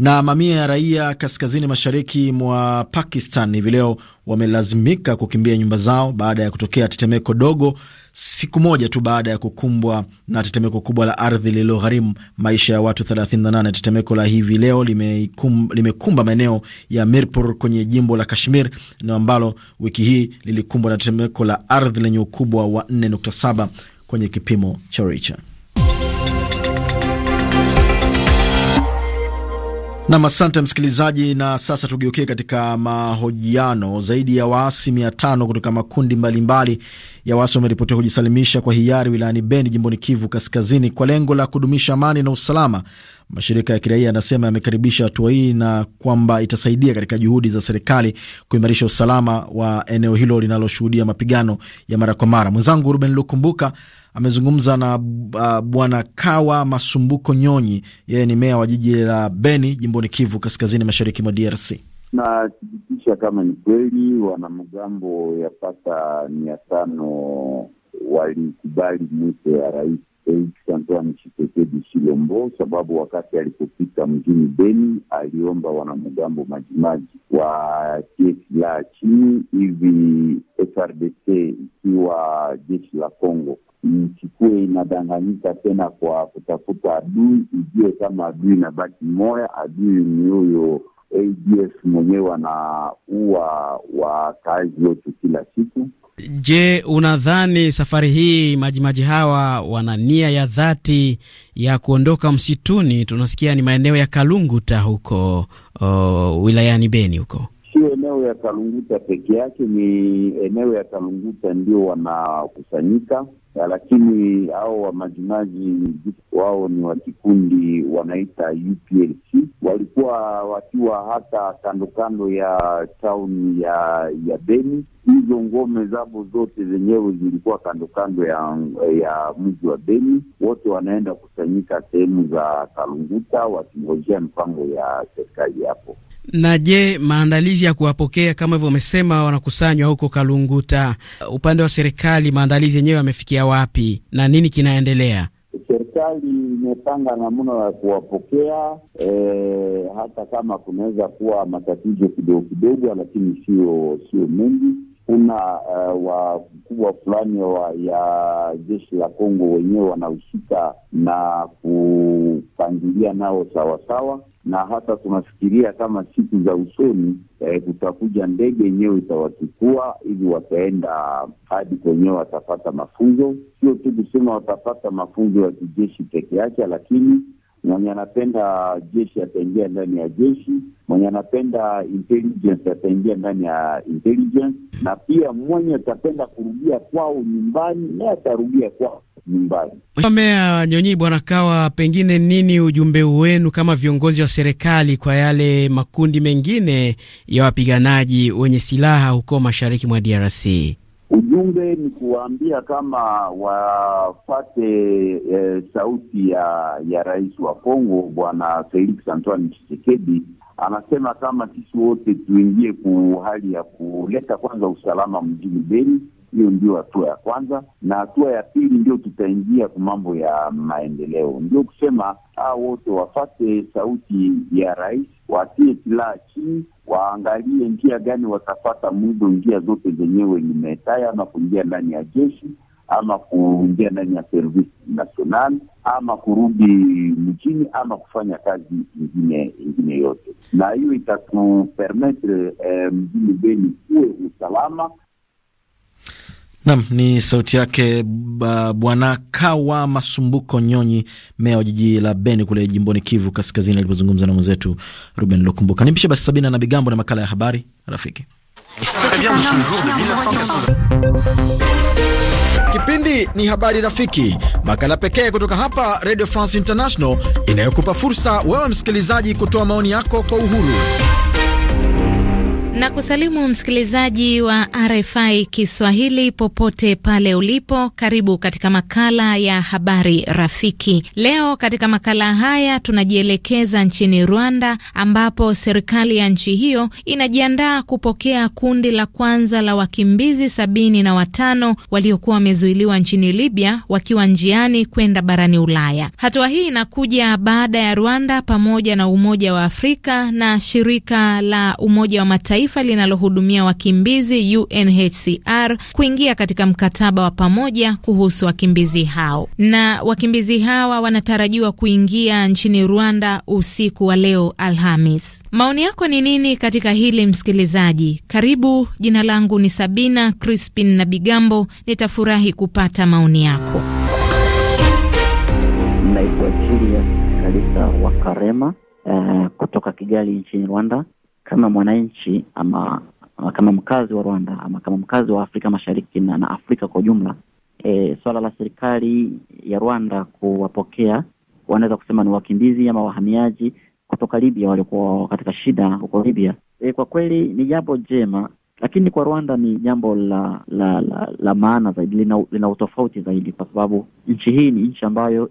Na mamia ya raia kaskazini mashariki mwa Pakistan hivi leo wamelazimika kukimbia nyumba zao baada ya kutokea tetemeko dogo, siku moja tu baada ya kukumbwa na tetemeko kubwa la ardhi lililogharimu maisha ya watu 38. Tetemeko la hivi leo limekumba lime maeneo ya Mirpur kwenye jimbo la Kashmir, eneo ambalo wiki hii lilikumbwa na tetemeko la ardhi lenye ukubwa wa 4.7 kwenye kipimo cha Richter. Nam, asante msikilizaji. Na sasa tugeukie katika mahojiano. Zaidi ya waasi mia tano kutoka makundi mbalimbali mbali ya waasi wameripotiwa kujisalimisha kwa hiari wilayani Beni, jimboni Kivu Kaskazini, kwa lengo la kudumisha amani na usalama, Mashirika ya kiraia yanasema yamekaribisha hatua hii na kwamba itasaidia katika juhudi za serikali kuimarisha usalama wa eneo hilo linaloshuhudia mapigano ya mara kwa mara. Mwenzangu Ruben Lukumbuka amezungumza na uh, Bwana Kawa Masumbuko Nyonyi, yeye ni meya wa jiji la Beni jimboni Kivu kaskazini mashariki mwa DRC. Nathibitisha kama ni kweli wanamgambo yapata mia tano walikubali mwito ya rais Felix Antoine Tshisekedi Chilombo, sababu wakati alipofika mjini Beni aliomba wanamgambo majimaji watie silaha chini, hivi FRDC ikiwa jeshi la Congo isikuwe inadanganyika tena kwa kutafuta adui, ijue kama adui na baki moya, adui ni huyo ADF mwenyewe anaua wakazi wetu kila siku Je, unadhani safari hii majimaji hawa wana nia ya dhati ya kuondoka msituni? Tunasikia ni maeneo ya Kalunguta huko o, wilayani Beni huko Sio eneo ya Kalunguta peke yake, ni eneo ya Kalunguta ndio wanakusanyika, ya, eh, lakini hao wamajimaji wao ni wa kikundi wanaita UPLC, walikuwa wakiwa hata kando kando ya tauni ya ya Beni. Hizo ngome zabo zote zenyewe zilikuwa kando kando ya ya mji wa Beni. Wote wanaenda kusanyika sehemu za Kalunguta wakingojea mpango ya serikali hapo. Na je, maandalizi ya kuwapokea kama hivyo wamesema wanakusanywa huko Kalunguta, upande wa serikali maandalizi yenyewe yamefikia wapi na nini kinaendelea? Serikali imepanga namna ya kuwapokea e, hata kama kunaweza kuwa matatizo kidogo kidogo, lakini sio sio mengi. Kuna uh, wakubwa fulani wa, ya jeshi la Kongo wenyewe wanahusika na kupangilia nao sawasawa na hata tunafikiria kama siku za usoni eh, kutakuja ndege yenyewe itawachukua hivi, wataenda hadi kwenyewe watapata mafunzo, sio tu kusema watapata mafunzo ya kijeshi peke yake, lakini Mwenye anapenda jeshi ataingia ndani ya jeshi, mwenye anapenda intelligence ataingia ndani ya intelligence, na pia mwenye atapenda kurudia kwao nyumbani naye atarudia kwao nyumbani. Meya Nyonyi Bwana Kawa, pengine nini ujumbe wenu kama viongozi wa serikali kwa yale makundi mengine ya wapiganaji wenye silaha huko mashariki mwa DRC? Ujumbe ni kuwaambia kama wafate e, sauti ya ya rais wa Kongo Bwana Felix Antoine Tshisekedi. Anasema kama sisi wote tuingie ku hali ya kuleta kwanza usalama mjini Beni. Hiyo ndio hatua ya kwanza, na hatua ya pili ndio tutaingia kwa mambo ya maendeleo. Ndio kusema hao wote wafate sauti ya rais, watie silaha chini waangalie njia gani watapata mwido, njia zote zenyewe nimetaya, ama kuingia ndani ya jeshi ama kuingia ndani ya service national ama kurudi mjini ama kufanya kazi ingine ingine yote, na hiyo itatupermetre eh, mjini Beni kuwe usalama Nam ni sauti yake Bwana Kawa Masumbuko Nyonyi, meya wa jiji la Beni kule jimboni Kivu Kaskazini, alipozungumza na mwenzetu Ruben lokumbuka Nimpishe basi Sabina na Bigambo na makala ya habari rafiki. Kipindi ni habari rafiki, makala pekee kutoka hapa Radio France International inayokupa fursa wewe msikilizaji kutoa maoni yako kwa uhuru na kusalimu msikilizaji wa RFI Kiswahili popote pale ulipo. Karibu katika makala ya habari rafiki. Leo katika makala haya tunajielekeza nchini Rwanda, ambapo serikali ya nchi hiyo inajiandaa kupokea kundi la kwanza la wakimbizi sabini na watano waliokuwa wamezuiliwa nchini Libya wakiwa njiani kwenda barani Ulaya. Hatua hii inakuja baada ya Rwanda pamoja na Umoja wa Afrika na shirika la Umoja wa Mataifa taifa linalohudumia wakimbizi UNHCR kuingia katika mkataba wa pamoja kuhusu wakimbizi hao. Na wakimbizi hawa wanatarajiwa kuingia nchini Rwanda usiku wa leo Alhamis. Maoni yako ni nini katika hili msikilizaji? Karibu. Jina langu ni Sabina Crispin na Bigambo. Nitafurahi kupata maoni yako. Naitwa Julius Kalisa wa Karema eh, kutoka Kigali nchini Rwanda kama mwananchi ama, ama kama mkazi wa Rwanda ama kama mkazi wa Afrika Mashariki na, na Afrika kwa ujumla e, swala la serikali ya Rwanda kuwapokea wanaweza kusema ni wakimbizi ama wahamiaji kutoka Libya waliokuwa katika shida huko Libya. E, kwa kweli ni jambo jema lakini kwa Rwanda ni jambo la la la, la maana zaidi, lina, lina utofauti zaidi, kwa sababu nchi hii ni nchi ambayo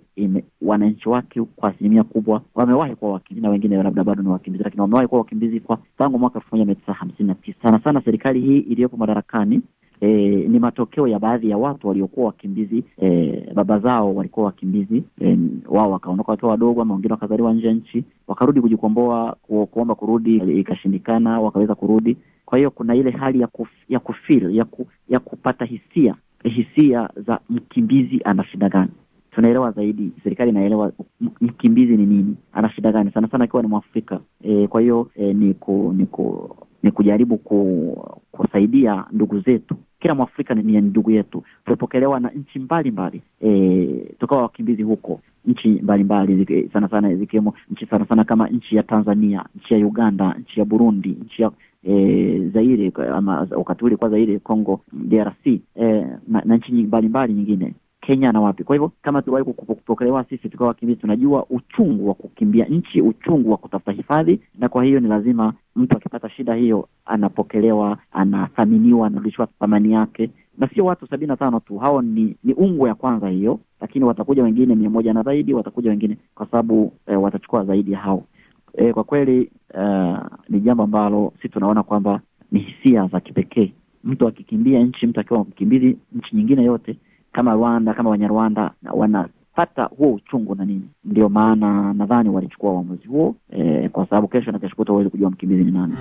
wananchi wake kwa asilimia kubwa wamewahi kuwa wakimbizi na wengine labda bado ni wakimbizi, lakini wamewahi kuwa wakimbizi kwa tangu mwaka elfu moja mia tisa hamsini na tisa. Sana sana serikali hii iliyopo madarakani e, ni matokeo ya baadhi ya watu waliokuwa wakimbizi e, baba zao walikuwa wakimbizi e, wao wakaondoka wakiwa wadogo, ama wengine wakazaliwa nje ya nchi wakarudi kujikomboa, kuomba kurudi ikashindikana, wakaweza kurudi. Kwa hiyo kuna ile hali ya kuf, ya ya, ku, ya kupata hisia hisia za mkimbizi ana shida gani tunaelewa zaidi, serikali inaelewa mkimbizi ni nini, ana shida gani, sana sana akiwa ni Mwafrika. E, kwa hiyo e, ni ku, ni ku, ni kujaribu ku, kusaidia ndugu zetu kila Mwafrika ni ndugu yetu. Tulipokelewa na nchi mbalimbali e, tukawa wakimbizi huko nchi mbalimbali mbali, e, sana sana zikiwemo nchi sana sana kama nchi ya Tanzania, nchi ya Uganda, nchi ya Burundi, nchi ya E, Zaire ama wakati ule kwa Zaire, Congo DRC e, na, na nchi mbalimbali nyingine Kenya na wapi. Kwa hivyo kama tuliwahi kupokelewa sisi tukawa wakimbizi, tunajua uchungu wa kukimbia nchi, uchungu wa kutafuta hifadhi, na kwa hiyo ni lazima mtu akipata shida hiyo anapokelewa, anathaminiwa, anarudishwa thamani yake, na sio watu sabini na tano tu. Hao ni, ni ungwe ya kwanza hiyo, lakini watakuja wengine mia moja na zaidi, watakuja wengine kwa sababu e, watachukua zaidi ya hao. E, kwa kweli e, ni jambo ambalo si tunaona kwamba ni hisia za kipekee, mtu akikimbia nchi, mtu akiwa mkimbizi nchi nyingine yote kama Rwanda, kama Wanyarwanda wanapata huo uchungu na nini. Ndio maana nadhani walichukua uamuzi huo e, kwa sababu kesho na kesho kutwa huwezi kujua mkimbizi ni nani.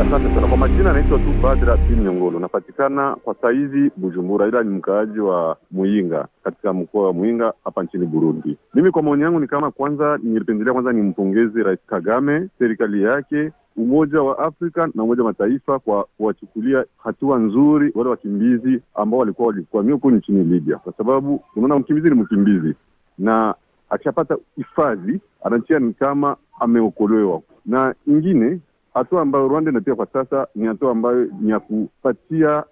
Asante sana kwa majina, anaitwa tu Badra bin Nyongolo, napatikana kwa saizi Bujumbura, ila ni mkaaji wa Muyinga katika mkoa wa Muyinga hapa nchini Burundi. Mimi kwa maoni yangu ni kama kwanza, ningependelea kwanza nimpongeze Rais Kagame, serikali yake Umoja wa Afrika na Umoja wa Mataifa kwa kuwachukulia hatua nzuri wale wakimbizi ambao walikuwa walikwamia huku nchini Libya, kwa sababu unaona mkimbizi ni mkimbizi, na akishapata hifadhi anachia ni kama ameokolewa. Na ingine hatua ambayo Rwanda inapia kwa sasa ni hatua ambayo ni ya kupatia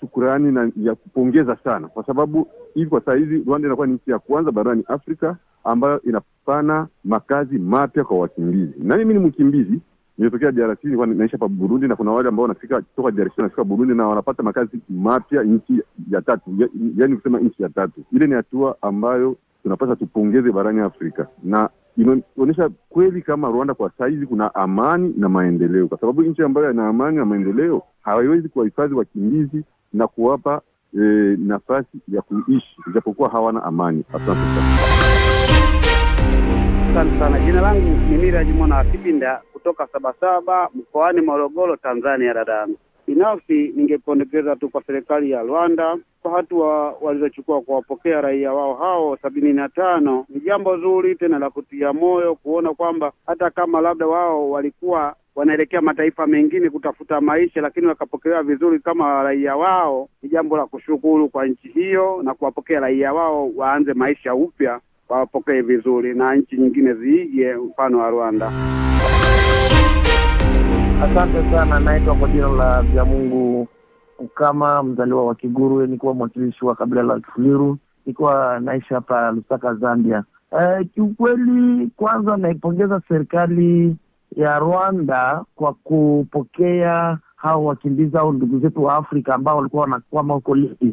shukurani na ya kupongeza sana, kwa sababu hivi kwa saa hizi Rwanda inakuwa ni nchi ya kwanza barani Afrika ambayo inapana makazi mapya kwa wakimbizi, na mimi ni mkimbizi Nimetokea DRC, nilikuwa naisha pa Burundi, na kuna wale ambao wanafika toka DRC wanafika Burundi na wanapata makazi mapya nchi ya tatu, yaani kusema nchi ya tatu. Ile ni hatua ambayo tunapasa tupongeze barani Afrika na inaonyesha kweli kama Rwanda kwa saizi kuna amani na maendeleo, kwa sababu nchi ambayo ina amani na maendeleo hawawezi kuwahifadhi wakimbizi na kuwapa e, nafasi ya kuishi ijapokuwa hawana amani. Asante sana. Asante sana. Jina langu ni Miraji Mwana Kipinda kutoka Sabasaba mkoani Morogoro, Tanzania. Dadangu, binafsi ningependekeza tu kwa serikali ya Rwanda kwa hatua walizochukua kuwapokea raia wao hao sabini na tano ni jambo zuri tena la kutia moyo, kuona kwamba hata kama labda wao walikuwa wanaelekea mataifa mengine kutafuta maisha, lakini wakapokelewa vizuri kama raia wao. Ni jambo la kushukuru kwa nchi hiyo na kuwapokea raia wao waanze maisha upya wawapokee vizuri na nchi nyingine ziige mfano wa Rwanda. Asante sana. Naitwa kwa jina la vya Mungu kama mzaliwa wa Kiguru, nikuwa mwakilishi wa kabila la Kifuliru, nikuwa naishi hapa Lusaka, Zambia. Uh, kiukweli kwanza naipongeza serikali ya Rwanda kwa kupokea hao wakimbizi au ndugu zetu wa Afrika ambao walikuwa wanakwama huko Libya,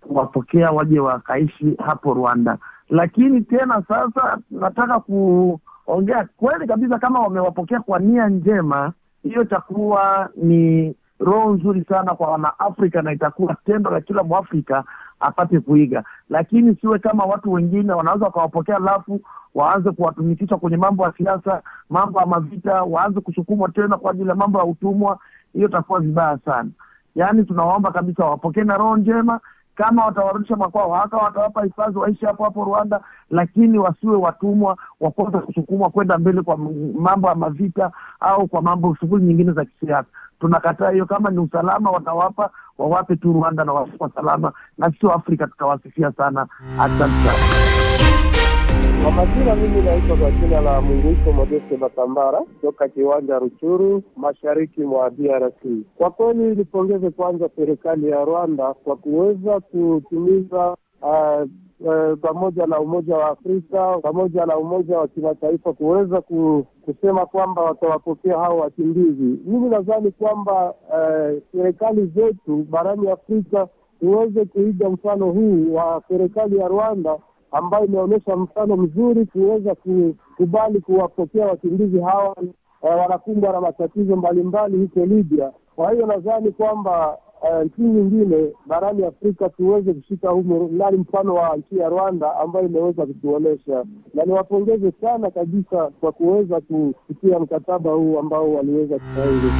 kuwapokea waje wakaishi hapo Rwanda. Lakini tena sasa nataka kuongea kweli kabisa, kama wamewapokea kwa nia njema, hiyo itakuwa ni roho nzuri sana kwa Wanaafrika na itakuwa tendo la kila Mwafrika apate kuiga, lakini siwe kama watu wengine wanaweza wakawapokea alafu waanze kuwatumikisha kwenye mambo ya siasa, mambo ya mavita, waanze kusukumwa tena kwa ajili ya mambo ya utumwa. Hiyo itakuwa vibaya sana. Yaani tunawaomba kabisa wawapokee na roho njema, kama watawarudisha makwao haka, watawapa hifadhi waishi hapo hapo Rwanda, lakini wasiwe watumwa wakosa kusukumwa kwenda mbele kwa mambo ya mavita au kwa mambo shughuli nyingine za kisiasa. Tunakataa hiyo. Kama ni usalama watawapa, wawape tu Rwanda na wasikwa salama, na sio Afrika tutawasifia sana. Asante sana. Kwa majina mimi naitwa kwa jina la Mwinguiko Modeste Batambara kutoka kiwanja Ruchuru, mashariki mwa DRC. Kwa kweli nipongeze kwanza serikali ya Rwanda kwa kuweza kutimiza uh, uh, pamoja na Umoja wa Afrika pamoja na Umoja wa Kimataifa kuweza ku, kusema kwamba watawapokea hao wakimbizi. Mimi nadhani kwamba uh, serikali uh, zetu barani Afrika huweze kuiga mfano huu wa serikali ya Rwanda ambayo imeonyesha mfano mzuri kuweza kukubali kuwapokea wakimbizi hawa eh, wanakumbwa na matatizo mbalimbali huko Libya. Kwa hiyo nadhani kwamba eh, nchi uh, nyingine barani Afrika tuweze kushika humnani mfano wa nchi ya Rwanda ambayo imeweza kutuonyesha, na niwapongeze sana kabisa kwa kuweza kupitia mkataba huu ambao waliweza kusaini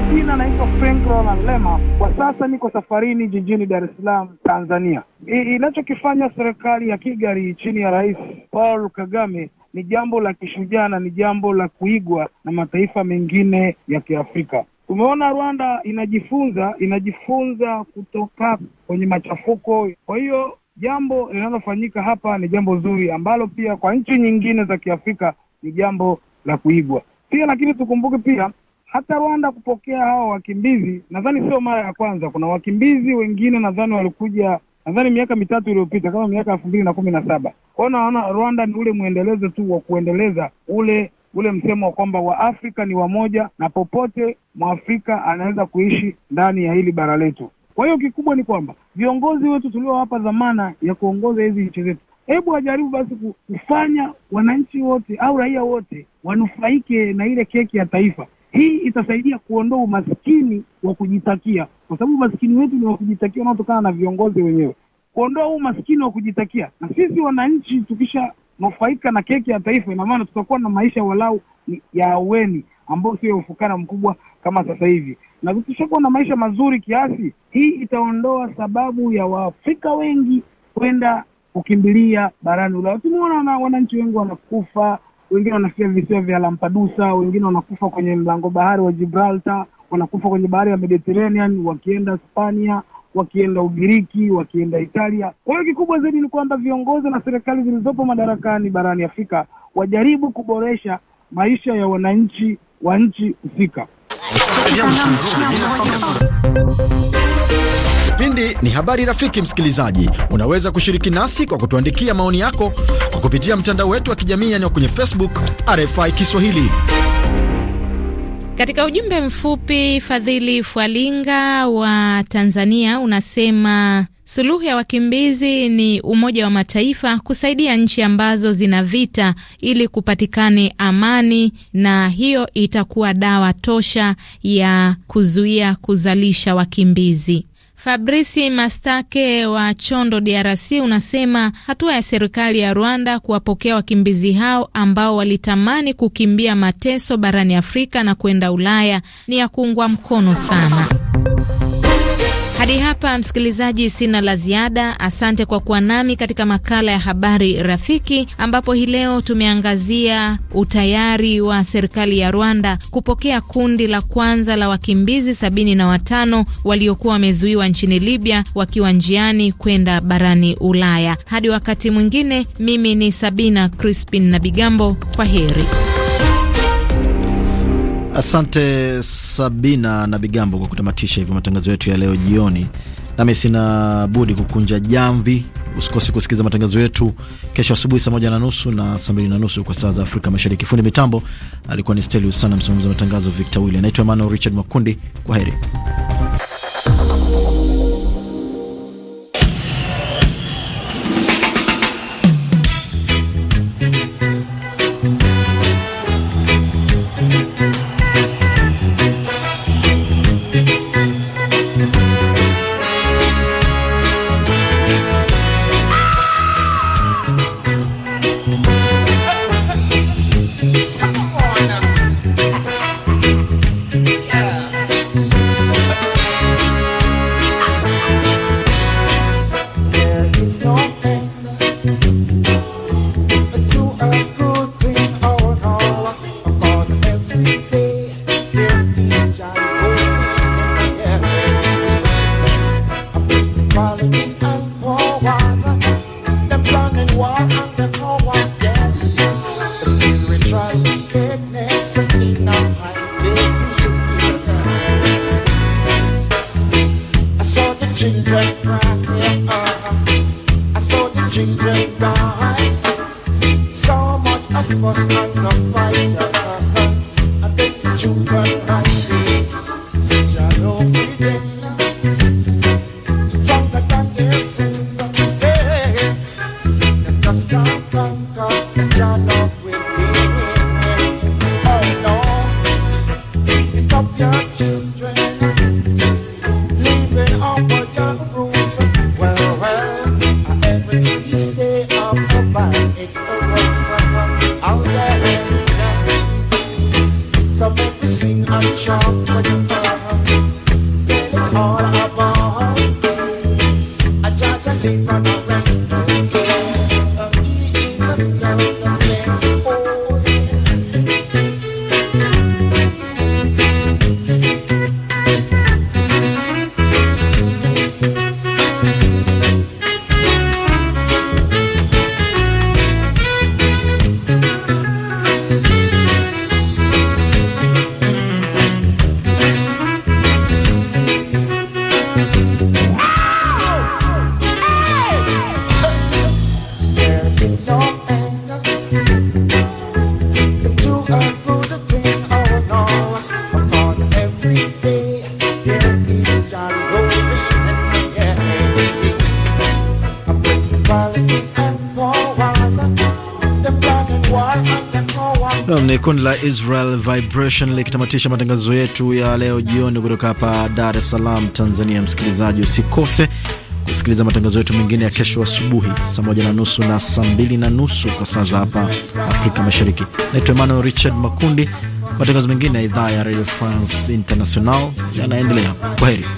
majina naitwa Frank Roland Lema. Kwa sasa niko safarini jijini Dar es Salaam, Tanzania. Inachokifanya serikali ya Kigali chini ya Rais Paul Kagame ni jambo la kishujaa na ni jambo la kuigwa na mataifa mengine ya Kiafrika. Tumeona Rwanda inajifunza inajifunza kutoka kwenye machafuko. Kwa hiyo jambo linalofanyika hapa ni jambo zuri ambalo pia kwa nchi nyingine za Kiafrika ni jambo la kuigwa pia, lakini tukumbuke pia hata Rwanda kupokea hao wakimbizi nadhani sio mara ya kwanza. Kuna wakimbizi wengine nadhani walikuja nadhani miaka mitatu iliyopita kama miaka elfu mbili na kumi na saba. Kwa hiyo naona Rwanda ni ule mwendelezo tu wa kuendeleza ule ule msemo wa kwamba Waafrika ni wamoja na popote Mwafrika anaweza kuishi ndani ya hili bara letu. Kwa hiyo kikubwa ni kwamba viongozi wetu tuliowapa dhamana ya kuongoza hizi nchi zetu, hebu wajaribu basi kufanya wananchi wote au raia wote wanufaike na ile keki ya taifa. Hii itasaidia kuondoa umaskini wa kujitakia, kwa sababu umaskini wetu ni wa kujitakia unaotokana na viongozi wenyewe. Kuondoa huu umaskini wa kujitakia, na sisi wananchi tukisha nufaika na keki ya taifa, ina maana tutakuwa na maisha walau ya aweni ambayo sio ya ufukara mkubwa kama sasa hivi, na tukishakuwa na maisha mazuri kiasi, hii itaondoa sababu ya Waafrika wengi kwenda kukimbilia barani Ulaya. Tumeona wananchi wengi wanakufa wengine wanafia visiwa vya Lampedusa, wengine wanakufa kwenye mlango bahari wa Gibraltar, wanakufa kwenye bahari ya Mediterranean wakienda spania wakienda Ugiriki, wakienda Italia. Kwa hiyo kikubwa zaidi ni kwamba viongozi na serikali zilizopo madarakani barani Afrika wajaribu kuboresha maisha ya wananchi wa nchi husika. Kipindi ni habari rafiki. Msikilizaji, unaweza kushiriki nasi kwa kutuandikia maoni yako kwa kupitia mtandao wetu wa kijamii yaani kwenye Facebook RFI Kiswahili. Katika ujumbe mfupi, Fadhili Fwalinga wa Tanzania unasema suluhu ya wakimbizi ni Umoja wa Mataifa kusaidia nchi ambazo zina vita ili kupatikane amani, na hiyo itakuwa dawa tosha ya kuzuia kuzalisha wakimbizi. Fabrisi Mastake wa Chondo, DRC, unasema hatua ya serikali ya Rwanda kuwapokea wakimbizi hao ambao walitamani kukimbia mateso barani Afrika na kwenda Ulaya ni ya kuungwa mkono sana. Hadi hapa msikilizaji, sina la ziada. Asante kwa kuwa nami katika makala ya habari rafiki, ambapo hii leo tumeangazia utayari wa serikali ya Rwanda kupokea kundi la kwanza la wakimbizi sabini na watano waliokuwa wamezuiwa nchini Libya wakiwa njiani kwenda barani Ulaya. Hadi wakati mwingine, mimi ni Sabina Crispin na Bigambo, kwa heri. Asante Sabina na Bigambo kwa kutamatisha hivyo matangazo yetu ya leo jioni. Nami sina budi kukunja jamvi. Usikose kusikiliza matangazo yetu kesho asubuhi saa moja na nusu na saa mbili na nusu kwa saa za Afrika Mashariki. Fundi mitambo alikuwa ni Stelius sana, msimamizi wa matangazo Victor Willi. Anaitwa Emmanuel Richard Makundi. Kwa heri. 一个人。Israel Vibration likitamatisha matangazo yetu ya leo jioni kutoka hapa Dar es Salaam, Tanzania. Msikilizaji, usikose kusikiliza matangazo yetu mengine ya kesho asubuhi saa moja na nusu na saa mbili na nusu kwa saa za hapa Afrika Mashariki. Naitwa Emmanuel Richard Makundi. Matangazo mengine ya idhaa ya Radio France International yanaendelea. Kwa heri.